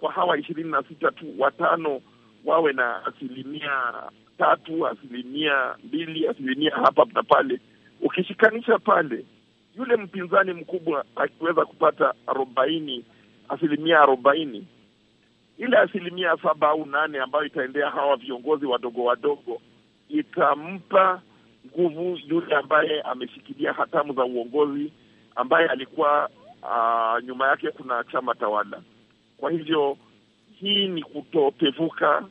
kwa hawa ishirini na sita tu watano wawe na asilimia tatu, asilimia mbili, asilimia hapa na pale, ukishikanisha pale, yule mpinzani mkubwa akiweza kupata arobaini, asilimia arobaini, ile asilimia saba au nane ambayo itaendea hawa viongozi wadogo wadogo itampa nguvu yule ambaye ameshikilia hatamu za uongozi ambaye alikuwa Ah, nyuma yake kuna chama tawala. Kwa hivyo hii ni kutopevuka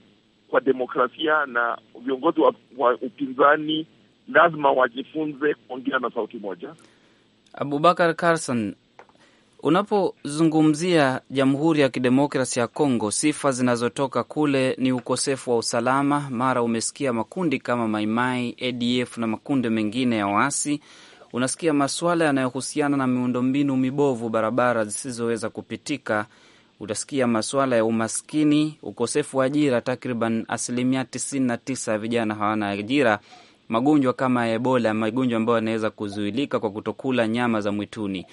kwa demokrasia, na viongozi wa, wa upinzani lazima wajifunze kuongea na sauti moja. Abubakar Carson, unapozungumzia Jamhuri ya Kidemokrasi ya Kongo, sifa zinazotoka kule ni ukosefu wa usalama. Mara umesikia makundi kama Maimai, ADF na makundi mengine ya waasi unasikia maswala yanayohusiana na miundombinu mibovu, barabara zisizoweza kupitika, utasikia maswala ya umaskini, ukosefu wa ajira. Takriban asilimia tisini na tisa ya vijana hawana ajira, magonjwa kama ya Ebola, magonjwa ambayo yanaweza kuzuilika kwa kutokula nyama za mwituni.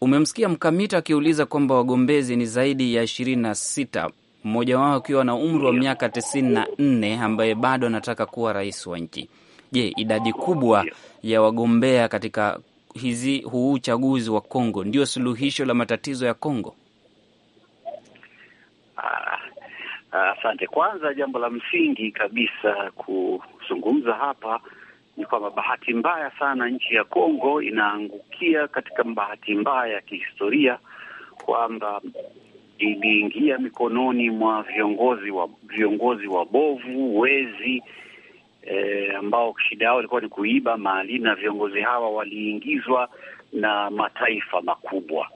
Umemsikia Mkamita akiuliza kwamba wagombezi ni zaidi ya ishirini na sita mmoja wao akiwa na umri wa miaka tisini na nne ambaye bado anataka kuwa rais wa nchi. Je, idadi kubwa ya wagombea katika hizi huu uchaguzi wa Kongo ndio suluhisho la matatizo ya Kongo? Ah, asante. kwanza jambo la msingi kabisa kuzungumza hapa ni kwamba bahati mbaya sana nchi ya Kongo inaangukia katika bahati mbaya ya kihistoria kwamba iliingia mikononi mwa viongozi wa viongozi bovu wezi e, ambao shida yao ilikuwa ni kuiba mali, na viongozi hawa waliingizwa na mataifa makubwa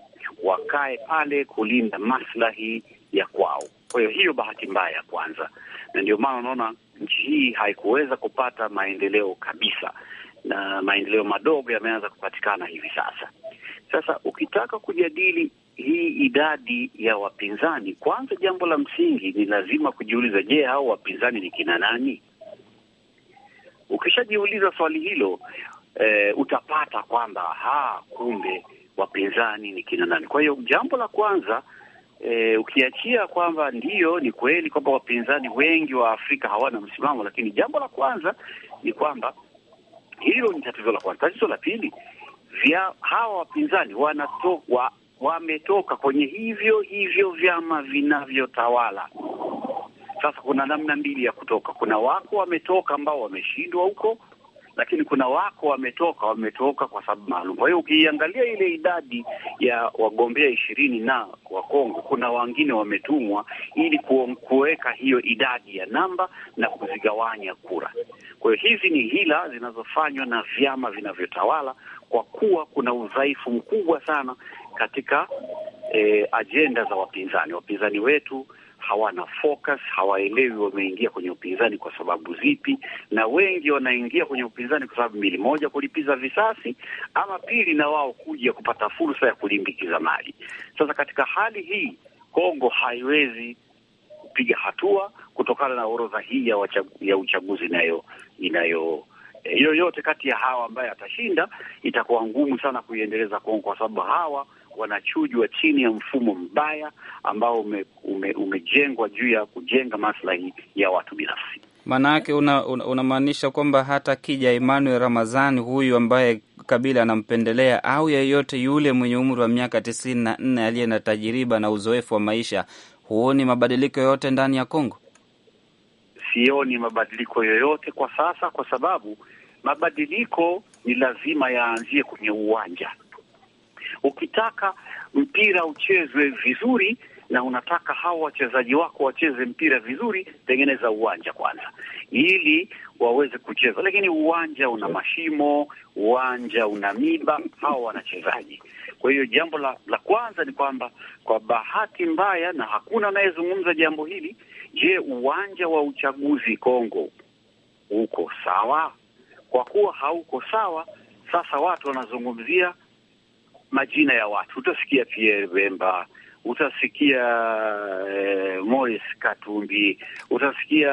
wakae pale kulinda maslahi ya kwao. Kwa hiyo hiyo bahati mbaya ya kwanza, na ndio maana unaona nchi hii haikuweza kupata maendeleo kabisa, na maendeleo madogo yameanza kupatikana hivi sasa. Sasa ukitaka kujadili hii idadi ya wapinzani, kwanza jambo la msingi ni lazima kujiuliza, je, hao wapinzani ni kina nani? Ukishajiuliza swali hilo e, utapata kwamba ha, kumbe wapinzani ni kina nani. Kwa hiyo jambo la kwanza e, ukiachia kwamba ndiyo ni kweli kwamba wapinzani wengi wa Afrika hawana msimamo, lakini jambo la kwanza ni kwamba hilo ni tatizo la kwanza. Tatizo la pili vya hawa wapinzani wa, wametoka kwenye hivyo hivyo vyama vinavyotawala. Sasa kuna namna mbili ya kutoka. Kuna wako wametoka ambao wameshindwa huko, lakini kuna wako wametoka wametoka kwa sababu maalum. Kwa hiyo ukiangalia ile idadi ya wagombea ishirini na wa Kongo, kuna wengine wametumwa ili kuweka hiyo idadi ya namba na kuzigawanya kura. Kwa hiyo hizi ni hila zinazofanywa na vyama vinavyotawala kwa kuwa kuna udhaifu mkubwa sana katika eh, ajenda za wapinzani. Wapinzani wetu hawana focus, hawaelewi wameingia kwenye upinzani kwa sababu zipi, na wengi wanaingia kwenye upinzani kwa sababu mbili: moja, kulipiza visasi, ama pili, na wao kuja kupata fursa ya kulimbikiza mali. Sasa katika hali hii, Kongo haiwezi kupiga hatua kutokana na orodha hii ya, ya uchaguzi inayo inayo eh, yoyote kati ya hawa ambaye atashinda, itakuwa ngumu sana kuiendeleza Kongo kwa sababu hawa wanachujwa chini ya mfumo mbaya ambao umejengwa ume, ume juu ya kujenga maslahi ya watu binafsi. maanayake unamaanisha una, una kwamba hata kija Emmanuel Ramazani huyu ambaye Kabila anampendelea au yeyote yule mwenye umri wa miaka tisini na nne aliye na tajiriba na uzoefu wa maisha, huoni mabadiliko yoyote ndani ya Kongo? Sioni mabadiliko yoyote kwa sasa, kwa sababu mabadiliko ni lazima yaanzie kwenye uwanja Ukitaka mpira uchezwe vizuri na unataka hawa wachezaji wako wacheze mpira vizuri, tengeneza uwanja kwanza ili waweze kucheza. Lakini uwanja una mashimo, uwanja una miba, hawa wanachezaji. Kwa hiyo jambo la, la kwanza ni kwamba kwa bahati mbaya, na hakuna anayezungumza jambo hili. Je, uwanja wa uchaguzi Kongo uko sawa? Kwa kuwa hauko sawa, sasa watu wanazungumzia majina ya watu. Utasikia Pierre Bemba, utasikia eh, Moise Katumbi, utasikia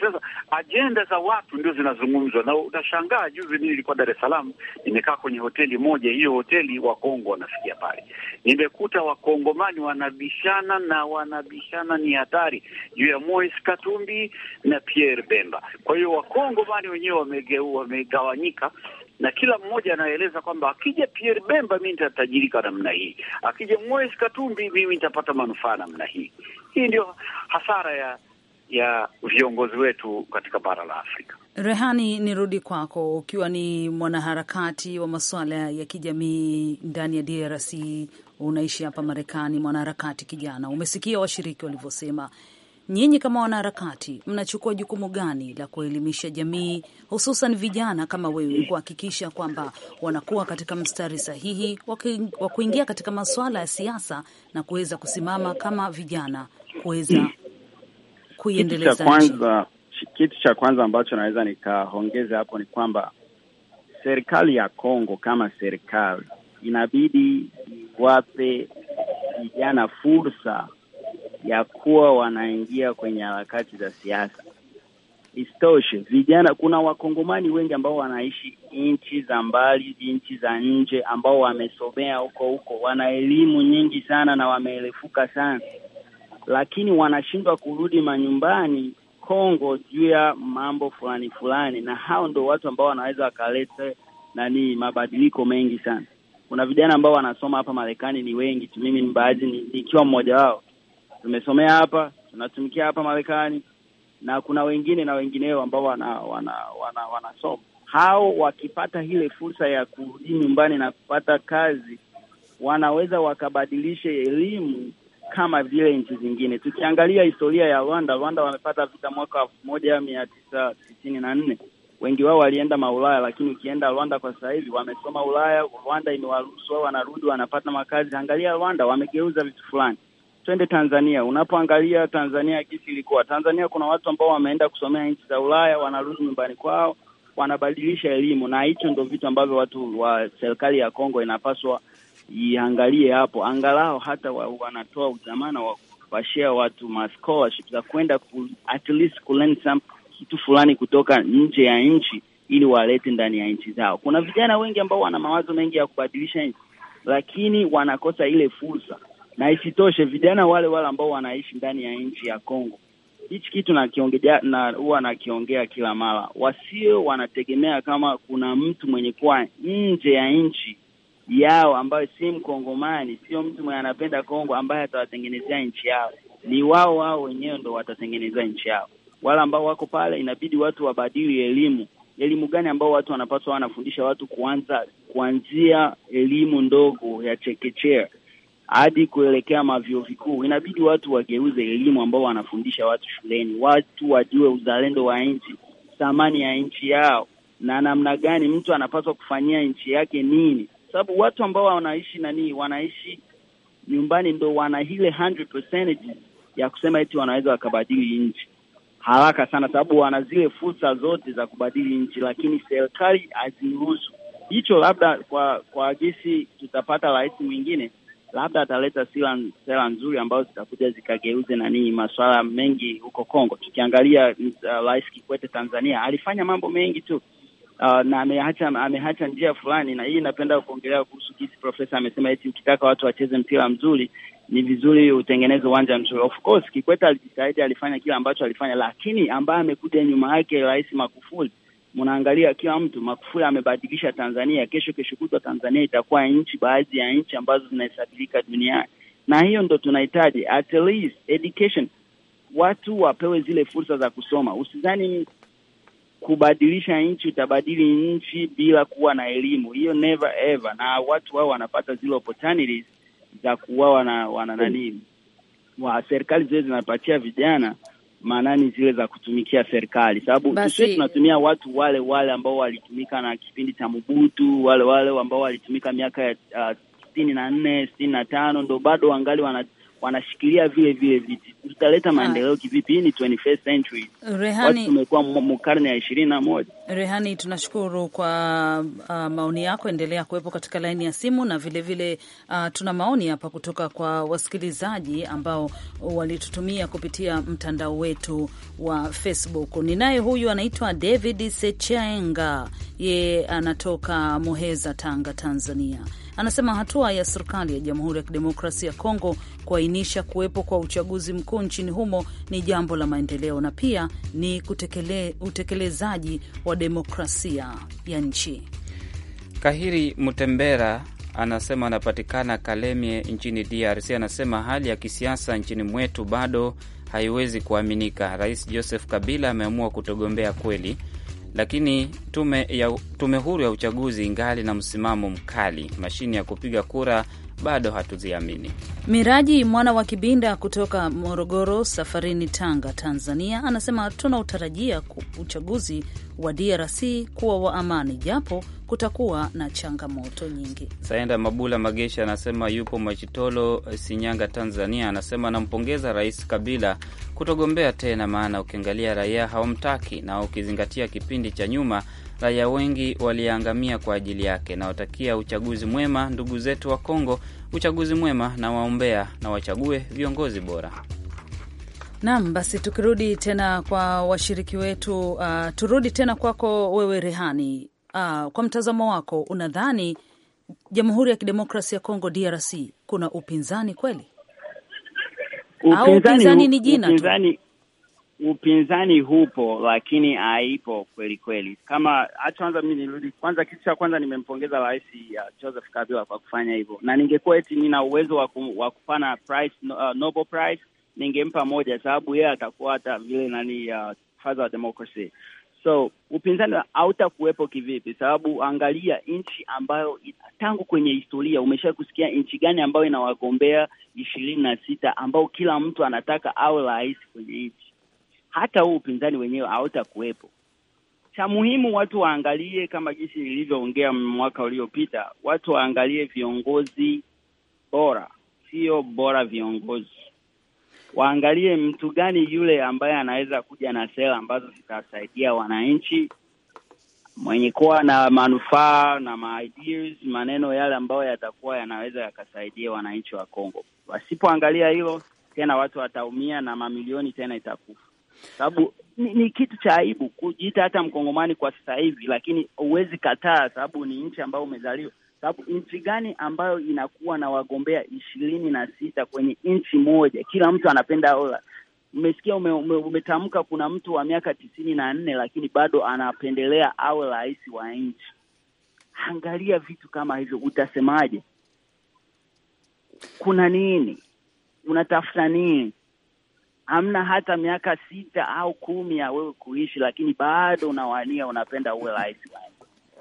sasa ajenda za watu ndio zinazungumzwa, na utashangaa. Juzi mimi nilikuwa Dar es Salaam, nimekaa kwenye hoteli moja, hiyo hoteli Wakongo wanasikia pale, nimekuta Wakongomani wanabishana na wanabishana, ni hatari juu ya Moise Katumbi na Pierre Bemba. Kwa hiyo Wakongomani wenyewe wamegawanyika na kila mmoja anaeleza kwamba akija Pierre Bemba mi nitatajirika namna hii, akija Moise Katumbi mimi nitapata manufaa namna hii. Hii ndio hasara ya ya viongozi wetu katika bara la Afrika. Rehani, nirudi kwako ukiwa ni mwanaharakati wa masuala ya kijamii ndani ya DRC, unaishi hapa Marekani, mwanaharakati kijana, umesikia washiriki walivyosema nyinyi kama wanaharakati mnachukua jukumu gani la kuelimisha jamii, hususan vijana kama wewe, kuhakikisha kwamba wanakuwa katika mstari sahihi wa kuingia katika masuala ya siasa na kuweza kusimama kama vijana kuweza kuiendeleza Kitu cha kwanza ambacho naweza nikaongeza hapo ni kwamba serikali ya Kongo kama serikali inabidi iwape vijana fursa ya kuwa wanaingia kwenye harakati za siasa. Isitoshe, vijana, kuna wakongomani wengi ambao wanaishi nchi za mbali, nchi za nje, ambao wamesomea huko huko, wana elimu nyingi sana na wameelefuka sana, lakini wanashindwa kurudi manyumbani Kongo juu ya mambo fulani fulani, na hao ndo watu ambao wanaweza wakaleta nani mabadiliko mengi sana. Kuna vijana ambao wanasoma hapa Marekani ni wengi tu, mimi ni baadhi, nikiwa mmoja wao tumesomea hapa, tunatumikia hapa Marekani, na kuna wengine na wengineo ambao wanasoma wana, wana, wana hao wakipata ile fursa ya kurudi nyumbani na kupata kazi, wanaweza wakabadilishe elimu kama vile nchi zingine. Tukiangalia historia ya Rwanda, Rwanda wamepata vita mwaka elfu moja mia tisa sitini na nne. Wengi wao walienda maulaya, lakini ukienda Rwanda kwa sasa hivi wamesoma Ulaya. Rwanda imewaruhusu wao, wanarudi wanapata makazi. Angalia Rwanda, wamegeuza vitu fulani twende Tanzania. Unapoangalia Tanzania jinsi ilikuwa, Tanzania kuna watu ambao wameenda kusomea nchi za Ulaya, wanarudi nyumbani kwao, wanabadilisha elimu, na hicho ndio vitu ambavyo watu wa serikali ya Kongo inapaswa iangalie hapo, angalau hata wa, wanatoa udhamana wa kuwashea watu ma scholarship za kwenda ku, at least ku learn some kitu fulani kutoka nje ya nchi ili walete ndani ya nchi zao. Kuna vijana wengi ambao wana mawazo mengi ya kubadilisha nchi, lakini wanakosa ile fursa na isitoshe vijana wale wale ambao wanaishi ndani ya nchi ya Kongo, hichi kitu nakiongelea na huwa nakiongea kila mara, wasio wanategemea kama kuna mtu mwenye kuwa nje ya nchi yao ambayo si Mkongomani, sio mtu mwenye anapenda Kongo ambaye atawatengenezea nchi yao. Ni wao wao wenyewe ndo watatengeneza nchi yao. Wale ambao wako pale, inabidi watu wabadili elimu. Elimu gani ambao watu wanapaswa wanafundisha watu kuanza kuanzia elimu ndogo ya chekechea hadi kuelekea mavyo vikuu, inabidi watu wageuze elimu ambao wanafundisha watu shuleni, watu wajue uzalendo wa nchi, thamani ya nchi yao na namna gani mtu anapaswa kufanyia nchi yake nini, sababu watu ambao wanaishi nani, wanaishi nyumbani ndo wana ile 100% ya kusema eti wanaweza wakabadili nchi haraka sana, sababu wana zile fursa zote za kubadili nchi, lakini serikali haziruhusu hicho. Labda kwa kwa gesi tutapata rais mwingine labda ataleta sera nzuri ambazo zitakuja zikageuze nanii masuala mengi huko Kongo. Tukiangalia uh, Rais uh, Kikwete Tanzania alifanya mambo mengi tu uh, na ameacha amehacha njia fulani, na hii napenda kuongelea kuhusu kisi profesa amesema eti ukitaka watu wacheze mpira mzuri ni vizuri utengeneze uwanja mzuri. Of course Kikwete alijitahidi, alifanya kile ambacho alifanya, lakini ambaye amekuja nyuma yake Rais Magufuli mnaangalia kila mtu. Magufuli amebadilisha Tanzania, kesho kesho kutwa Tanzania itakuwa nchi baadhi ya nchi ambazo zinahesabika duniani, na hiyo ndo tunahitaji. At least education, watu wapewe zile fursa za kusoma. Usizani kubadilisha nchi utabadili nchi bila kuwa na elimu, hiyo never ever. Na watu wao wanapata zile opportunities za kuwa wana, wana nani wa serikali zile zinapatia vijana maanani zile za kutumikia serikali, sababu tusiwe tunatumia watu wale wale ambao walitumika na kipindi cha Mobutu, wale wale ambao walitumika miaka ya uh, sitini na nne sitini na tano ndo bado wangali wana wanashikilia vile vile viti, tutaleta maendeleo kivipi? Hii ni 21st century, watu tumekuwa mkarne ya ishirini na moja. Rehani, tunashukuru kwa uh, maoni yako. Endelea kuwepo katika laini ya simu na vilevile vile, uh, tuna maoni hapa kutoka kwa wasikilizaji ambao walitutumia kupitia mtandao wetu wa Facebook. Ninaye huyu anaitwa David Sechenga, yeye anatoka Muheza, Tanga, Tanzania anasema hatua ya serikali ya Jamhuri ya Kidemokrasia ya Kongo kuainisha kuwepo kwa uchaguzi mkuu nchini humo ni jambo la maendeleo na pia ni kutekele, utekelezaji wa demokrasia ya nchi. Kahiri Mutembera anasema anapatikana Kalemie nchini DRC. Anasema hali ya kisiasa nchini mwetu bado haiwezi kuaminika. Rais Joseph Kabila ameamua kutogombea kweli lakini tume, ya, tume huru ya uchaguzi ingali na msimamo mkali. Mashine ya kupiga kura bado hatuziamini. Miraji mwana wa Kibinda kutoka Morogoro, safarini Tanga, Tanzania, anasema tunautarajia uchaguzi wa DRC kuwa wa amani, japo kutakuwa na changamoto nyingi. Saenda Mabula Magesha anasema yupo Mwachitolo, sinyanga Tanzania, anasema anampongeza Rais Kabila kutogombea tena, maana ukiangalia raia hawamtaki na ukizingatia kipindi cha nyuma raia wengi waliangamia kwa ajili yake. Nawatakia uchaguzi mwema ndugu zetu wa Kongo, uchaguzi mwema na waombea na wachague viongozi bora. Nam, basi tukirudi tena kwa washiriki wetu uh, turudi tena kwako wewe Rehani. Uh, kwa mtazamo wako unadhani Jamhuri ya Kidemokrasi ya Kongo DRC kuna upinzani kweli? Upinzani, upinzani ni jina tu? upinzani hupo lakini haipo kweli kweli. Kama hata ah, kwanza, mimi nirudi kwanza, kitu cha kwanza nimempongeza Rais uh, Joseph Kabila kwa kufanya hivyo, na ningekuwa eti nina uwezo wa kupana prize, uh, Nobel Prize ningempa moja, sababu yeye atakuwa hata vile nani uh, father wa democracy. So upinzani hautakuwepo kivipi? Sababu angalia nchi ambayo tangu kwenye historia, umesha kusikia nchi gani ambayo ina wagombea ishirini na sita ambao kila mtu anataka awe rais kwenye nchi hata huu upinzani wenyewe hautakuwepo. Cha muhimu watu waangalie, kama jinsi nilivyoongea mwaka uliopita, watu waangalie viongozi bora, sio bora viongozi. Waangalie mtu gani yule ambaye anaweza kuja na sera ambazo zitasaidia wananchi, mwenye kuwa na manufaa na ma ideas, maneno yale ambayo yatakuwa yanaweza yakasaidia wananchi wa Kongo. Wasipoangalia hilo tena, watu wataumia na mamilioni tena itakufa sababu ni, ni kitu cha aibu kujiita hata Mkongomani kwa sasa hivi, lakini huwezi kataa, sababu ni nchi ambayo umezaliwa. Sababu nchi gani ambayo inakuwa na wagombea ishirini na sita kwenye nchi moja? Kila mtu anapenda ola. Umesikia ume, ume, umetamka kuna mtu wa miaka tisini na nne lakini bado anapendelea awe rais wa nchi. Angalia vitu kama hivyo, utasemaje? Kuna nini? Unatafuta nini? hamna hata miaka sita au kumi ya wewe kuishi, lakini bado unawania, unapenda uwe rais.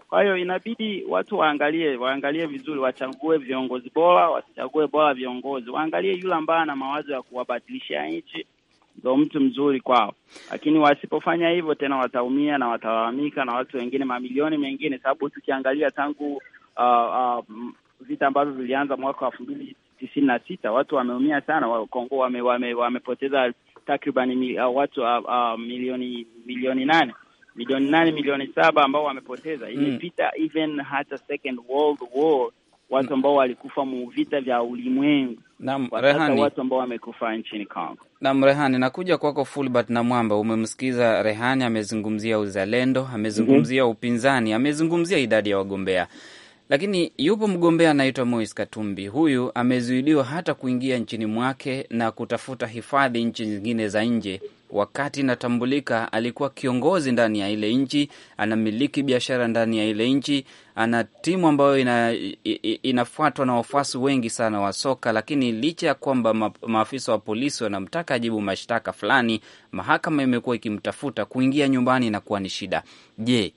Kwa hiyo inabidi watu waangalie, waangalie vizuri, wachague viongozi bora, wasichague bora viongozi, waangalie yule ambaye ana mawazo ya kuwabadilisha nchi ndo mtu mzuri kwao, lakini wasipofanya hivyo tena wataumia na watalalamika, na watu wengine mamilioni mengine, sababu tukiangalia tangu uh, uh, vita ambavyo vilianza mwaka wa elfu mbili tisini na sita. Watu wameumia sana, Kongo wame, wame, wamepoteza takriban uh, watu uh, uh, milioni milioni nane milioni nane milioni saba ambao wamepoteza. Mm. Imepita mm. even hata second world war watu ambao walikufa mu vita vya ulimwengu. Naam, Rehani, watu ambao wamekufa nchini Kongo. Naam, Rehani, nakuja kwako Fulbert na Mwamba. Umemsikiza Rehani, amezungumzia uzalendo, amezungumzia mm -hmm. upinzani, amezungumzia idadi ya wagombea lakini yupo mgombea anaitwa mois Katumbi, huyu amezuiliwa hata kuingia nchini mwake na kutafuta hifadhi nchi zingine za nje, wakati inatambulika alikuwa kiongozi ndani ya ile nchi, anamiliki biashara ndani ya ile nchi, ana timu ambayo ina, inafuatwa na wafuasi wengi sana wa soka. Lakini licha ya kwamba maafisa wa polisi wanamtaka ajibu mashtaka fulani, mahakama imekuwa ikimtafuta, kuingia nyumbani inakuwa ni shida. Je,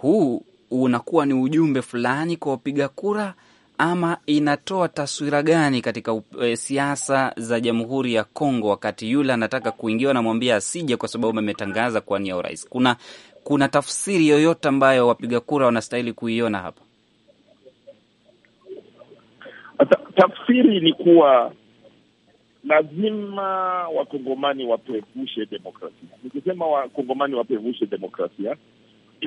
huu unakuwa ni ujumbe fulani kwa wapiga kura ama inatoa taswira gani katika eh, siasa za Jamhuri ya Kongo? Wakati yule anataka kuingia, anamwambia asije kwa sababu ametangaza kuwania urais. Kuna kuna tafsiri yoyote ambayo wapiga kura wanastahili kuiona hapa? Ta, tafsiri ni kuwa lazima wakongomani wapevushe demokrasia. Nikisema wakongomani wapevushe demokrasia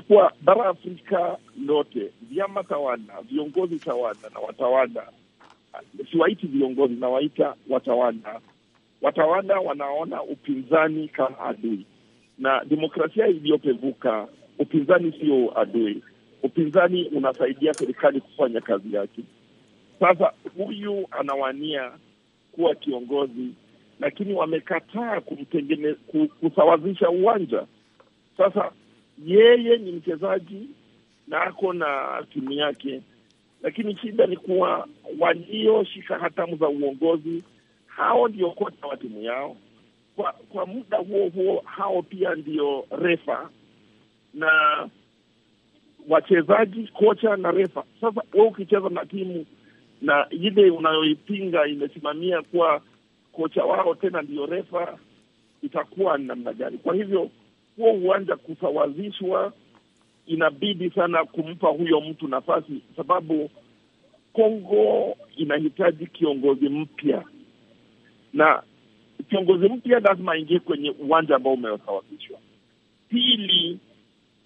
kuwa bara Afrika lote vyama tawala, viongozi tawala na watawala, siwaiti viongozi, nawaita watawala. Watawala wanaona upinzani kama adui, na demokrasia iliyopevuka, upinzani sio adui. Upinzani unasaidia serikali kufanya kazi yake. Sasa huyu anawania kuwa kiongozi, lakini wamekataa kumtengene kusawazisha uwanja sasa yeye ni mchezaji na ako na timu yake, lakini shida ni kuwa walioshika hatamu za uongozi hao ndio kocha wa timu yao. Kwa kwa muda huo huo, hao pia ndio refa na wachezaji, kocha na refa. Sasa we ukicheza na timu na ile unayoipinga imesimamia kuwa kocha wao tena ndio refa, itakuwa namna gani? Kwa hivyo huo uwanja kusawazishwa, inabidi sana kumpa huyo mtu nafasi, sababu Kongo inahitaji kiongozi mpya, na kiongozi mpya lazima aingie kwenye uwanja ambao umesawazishwa. Pili,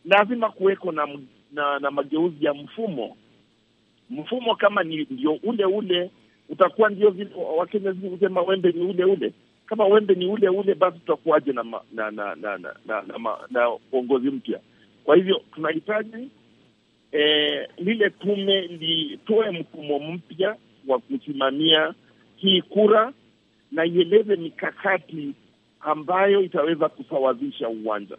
lazima kuweko na, na, na mageuzi ya mfumo. Mfumo kama ni ndio ule ule utakuwa ndio vile Wakenya husema wembe ni ule ule kama wembe ni ule ule, basi tutakuwaje na na na na na, na, na, na, na uongozi mpya? Kwa hivyo tunahitaji eh, lile tume litoe mfumo mpya wa kusimamia hii kura na ieleze mikakati ambayo itaweza kusawazisha uwanja.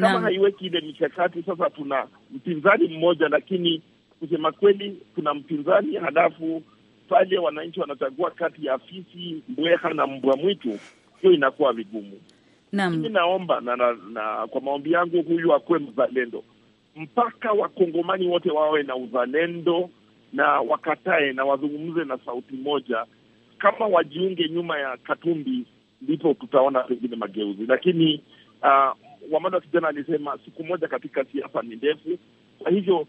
Kama haiweki ile mikakati, sasa tuna mpinzani mmoja, lakini kusema kweli, kuna mpinzani halafu pale wananchi wanachagua kati ya fisi, mbweha na mbwa mwitu, hiyo inakuwa vigumu. Mimi naomba na, na, na kwa maombi yangu huyu akuwe mzalendo mpaka wakongomani wote wawe na uzalendo na wakatae na wazungumze na sauti moja. Kama wajiunge nyuma ya Katumbi, ndipo tutaona pengine mageuzi. Lakini uh, Wamada wa kijana alisema siku moja katika siasa ni ndefu, kwa hivyo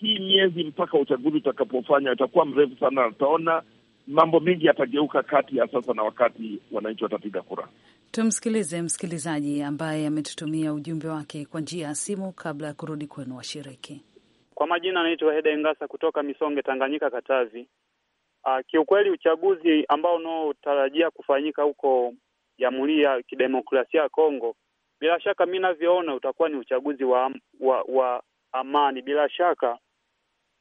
hii miezi mpaka uchaguzi utakapofanya itakuwa mrefu sana. utaona mambo mengi yatageuka kati ya sasa na wakati wananchi watapiga kura. Tumsikilize msikilizaji ambaye ametutumia ujumbe wake kwa njia ya simu kabla ya kurudi kwenu washiriki. Kwa majina anaitwa Hede Ngasa kutoka Misonge, Tanganyika, Katavi. Uh, kiukweli uchaguzi ambao unaotarajia kufanyika huko Jamhuri ya Kidemokrasia ya Kongo, bila shaka mi navyoona utakuwa ni uchaguzi wa, wa, wa amani. Bila shaka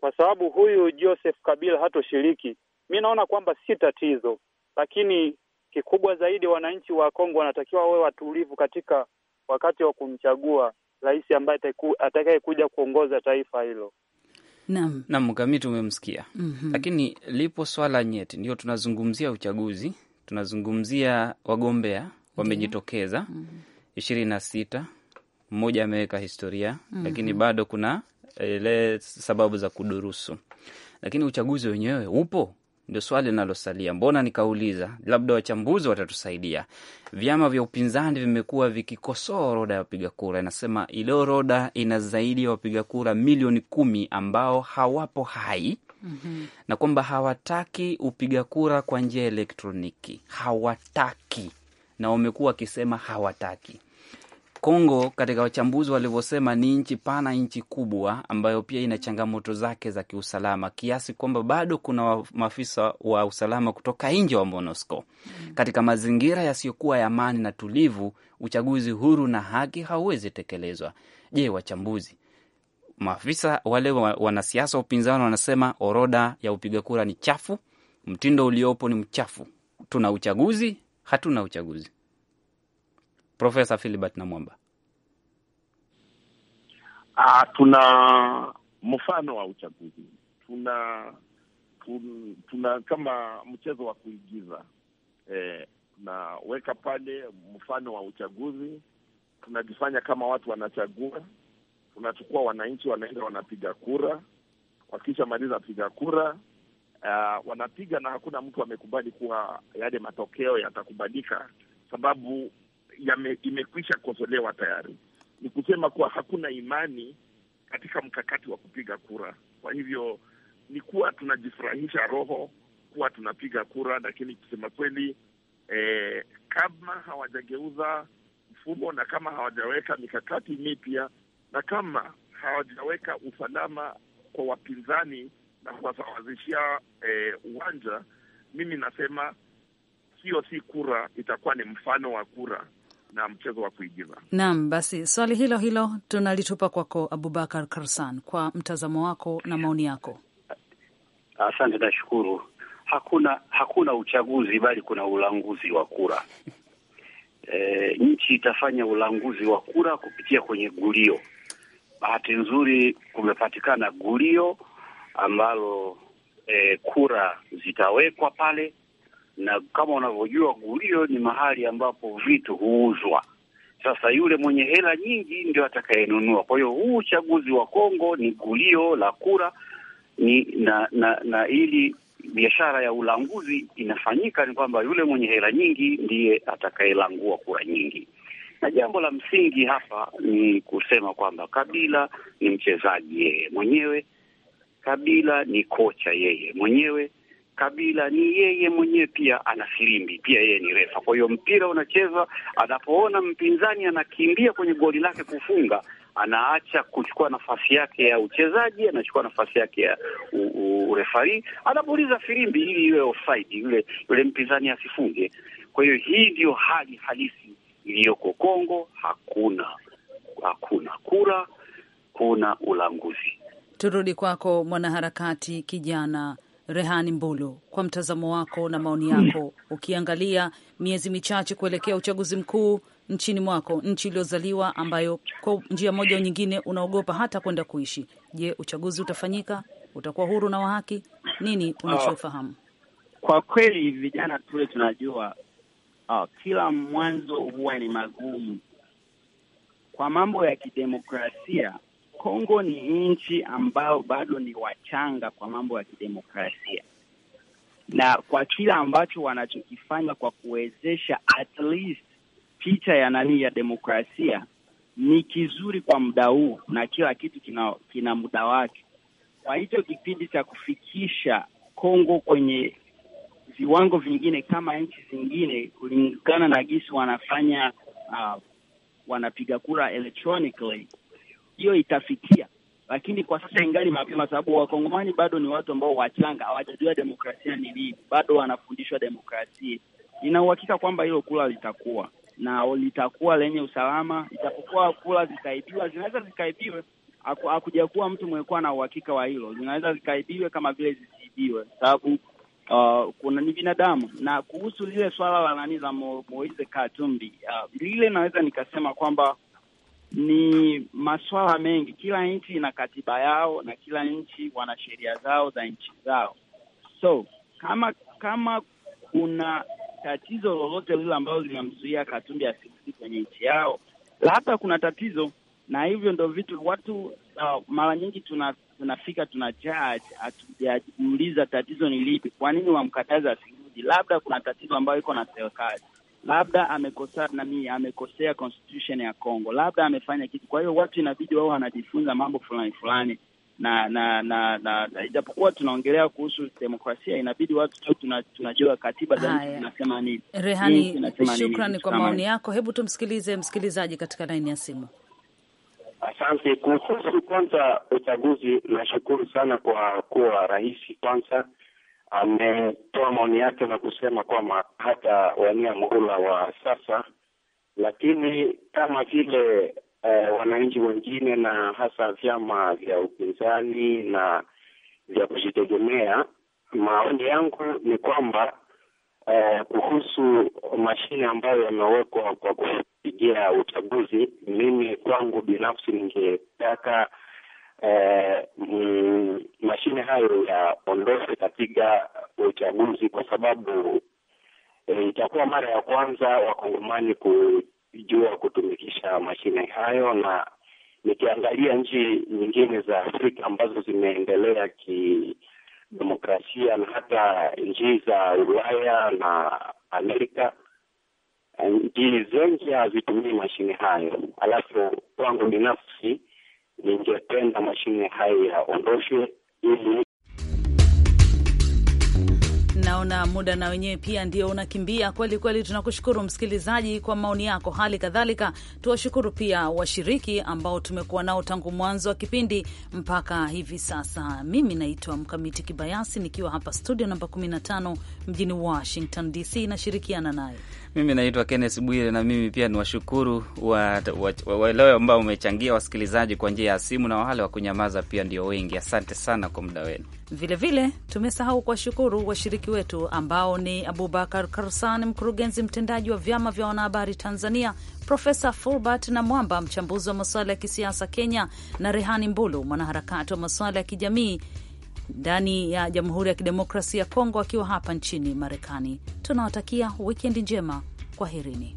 kwa sababu huyu Joseph Kabila hatoshiriki, mi naona kwamba si tatizo, lakini kikubwa zaidi wananchi wa Kongo wanatakiwa wawe watulivu katika wakati wa kumchagua rais ambaye atakayekuja kuongoza taifa hilo. Naam, naam, Kamiti umemsikia. mm -hmm. Lakini lipo swala nyeti, ndio tunazungumzia uchaguzi, tunazungumzia wagombea wamejitokeza mhm. ishirini mm -hmm. na sita, mmoja ameweka historia mm -hmm. lakini bado kuna ile sababu za kudurusu, lakini uchaguzi wenyewe upo ndio swali linalosalia. Mbona nikauliza, labda wachambuzi watatusaidia. Vyama vya upinzani vimekuwa vikikosoa orodha ya wapiga kura, inasema ile orodha ina zaidi ya wapiga kura milioni kumi ambao hawapo hai mm -hmm. na kwamba hawataki upiga kura kwa njia ya elektroniki, hawataki na wamekuwa wakisema hawataki. Kongo katika wachambuzi walivyosema, ni nchi pana, nchi kubwa ambayo pia ina changamoto zake za kiusalama, kiasi kwamba bado kuna maafisa wa usalama kutoka nje wa MONUSCO. Mm. Katika mazingira yasiyokuwa ya amani na tulivu, uchaguzi huru na haki hauwezi tekelezwa. Je, wachambuzi, maafisa wale wanasiasa wa upinzani wanasema orodha ya upiga kura ni chafu, mtindo uliopo ni mchafu. Tuna uchaguzi? Hatuna uchaguzi. Profesa Filibert Namwamba? Uh, tuna mfano wa uchaguzi tuna tun, tuna kama mchezo wa kuigiza eh, tunaweka pale mfano wa uchaguzi, tunajifanya kama watu wanachagua, tunachukua wananchi, wanaenda wanapiga kura, maliza piga kura Uh, wanapiga na hakuna mtu amekubali kuwa yale matokeo yatakubalika, sababu imekwisha kosolewa tayari. Ni kusema kuwa hakuna imani katika mkakati wa kupiga kura. Kwa hivyo ni kuwa tunajifurahisha roho kuwa tunapiga kura, lakini kusema kweli, eh, kama hawajageuza mfumo na kama hawajaweka mikakati mipya na kama hawajaweka usalama kwa wapinzani na kuwasawazishia eh, uwanja, mimi nasema hiyo si kura, itakuwa ni mfano wa kura na mchezo wa kuigiza. Naam, basi swali hilo hilo tunalitupa kwako Abubakar Karsan, kwa mtazamo wako na maoni yako. Asante, nashukuru. Hakuna hakuna uchaguzi, bali kuna ulanguzi wa kura. E, nchi itafanya ulanguzi wa kura kupitia kwenye gulio. Bahati nzuri kumepatikana gulio ambalo e, kura zitawekwa pale na kama unavyojua gulio ni mahali ambapo vitu huuzwa. Sasa yule mwenye hela nyingi ndio atakayenunua. Kwa hiyo huu uchaguzi wa Kongo ni gulio la kura ni na na, na ili biashara ya ulanguzi inafanyika ni kwamba yule mwenye hela nyingi ndiye atakayelangua kura nyingi, na jambo la msingi hapa ni kusema kwamba Kabila ni mchezaji yeye mwenyewe, Kabila ni kocha yeye mwenyewe Kabila ni yeye mwenyewe, pia ana filimbi, pia yeye ni refa. Kwa hiyo mpira unachezwa, anapoona mpinzani anakimbia kwenye goli lake kufunga, anaacha kuchukua nafasi yake ya uchezaji, anachukua nafasi yake ya urefari, anapuliza filimbi ili iwe offside, yule yule mpinzani asifunge. Kwa hiyo hii ndiyo hali halisi iliyoko Kongo. Hakuna hakuna kura, kuna ulanguzi. Turudi kwako mwanaharakati kijana Rehani Mbulu, kwa mtazamo wako na maoni yako, ukiangalia miezi michache kuelekea uchaguzi mkuu nchini mwako, nchi iliyozaliwa ambayo kwa njia moja au nyingine unaogopa hata kwenda kuishi, je, uchaguzi utafanyika? Utakuwa huru na wa haki? Nini unachofahamu? Oh, kwa kweli vijana tule tunajua, oh, kila mwanzo huwa ni magumu kwa mambo ya kidemokrasia Kongo ni nchi ambao bado ni wachanga kwa mambo ya kidemokrasia, na kwa kila ambacho wanachokifanya kwa kuwezesha at least picha ya nani ya demokrasia ni kizuri kwa muda huu, na kila kitu kina, kina muda wake. Kwa hicho kipindi cha kufikisha Kongo kwenye viwango vingine kama nchi zingine, kulingana na gisi wanafanya uh, wanapiga kura electronically hiyo itafikia, lakini kwa sasa ingali mapema, sababu wakongomani bado ni watu ambao wachanga, hawajajua demokrasia ni nini, bado wanafundishwa demokrasia. Nina uhakika kwamba hilo kula litakuwa na litakuwa lenye usalama, itapokuwa kula zitaibiwa, zinaweza zikaibiwe hakuja kuwa mtu mwekuwa na uhakika wa hilo, zinaweza zikaibiwe kama vile zisiibiwe, sababu uh, kuna ni binadamu. Na kuhusu lile swala la nani la Moise Katumbi, uh, lile naweza nikasema kwamba ni masuala mengi. Kila nchi ina katiba yao na kila nchi wana sheria zao za nchi zao. So kama kama kuna tatizo lolote lile ambalo linamzuia Katumbi asirudi kwenye nchi yao, labda kuna tatizo, na hivyo ndo vitu watu uh, mara nyingi tuna tunafika tuna judge, hatujajiuliza tatizo ni lipi, kwa nini wamkataza asirudi? Labda kuna tatizo ambayo iko na serikali labda amekosea nami amekosea constitution ya Congo, labda amefanya kitu. Kwa hiyo watu inabidi wao wanajifunza mambo fulani fulani na na na na, na ijapokuwa tunaongelea kuhusu demokrasia inabidi watu tu tuna, tunajua katiba tunasema nini. Rehani, shukrani kwa maoni yako. Hebu tumsikilize msikilizaji katika laini ya simu. Asante. Kuhusu kwanza uchaguzi, nashukuru sana kwa kuwa rahisi kwanza ametoa maoni yake na kusema kwamba hata wania muhula wa sasa, lakini kama vile eh, wananchi wengine na hasa vyama vya upinzani na vya kujitegemea, maoni yangu ni kwamba eh, kuhusu mashine ambayo yamewekwa kwa kupigia uchaguzi, mimi kwangu binafsi ningetaka eh, mm, mashine hayo yaondoshwe katika uchaguzi kwa sababu eh, itakuwa mara ya kwanza wakongomani kujua kutumikisha mashine hayo, na nikiangalia nchi nyingine za Afrika ambazo zimeendelea kidemokrasia na hata nchi za Ulaya na Amerika eh, nchi zengi hazitumii mashine hayo. Alafu kwangu binafsi ningependa mashine hayo yaondoshwe ili Naona muda na wenyewe pia ndio unakimbia kweli kweli. Tunakushukuru msikilizaji kwa maoni yako, hali kadhalika tuwashukuru pia washiriki ambao tumekuwa nao tangu mwanzo wa kipindi mpaka hivi sasa. Mimi naitwa Mkamiti Kibayasi nikiwa hapa studio namba 15 mjini Washington DC, nashirikiana naye mimi naitwa Kenneth Bwire, na mimi pia ni washukuru wa, ambao umechangia wasikilizaji kwa njia ya simu na wale wa kunyamaza pia ndio wengi. Asante sana kwa muda wenu. Vilevile tumesahau kuwashukuru washiriki wetu ambao ni Abubakar Karsan, mkurugenzi mtendaji wa vyama vya wanahabari Tanzania, Profesa Fulbert na Mwamba, mchambuzi wa masuala ya kisiasa Kenya, na Rehani Mbulu, mwanaharakati wa masuala ya kijamii ndani ya Jamhuri ya Kidemokrasia ya Kongo akiwa hapa nchini Marekani. Tunawatakia wikendi njema, kwaherini.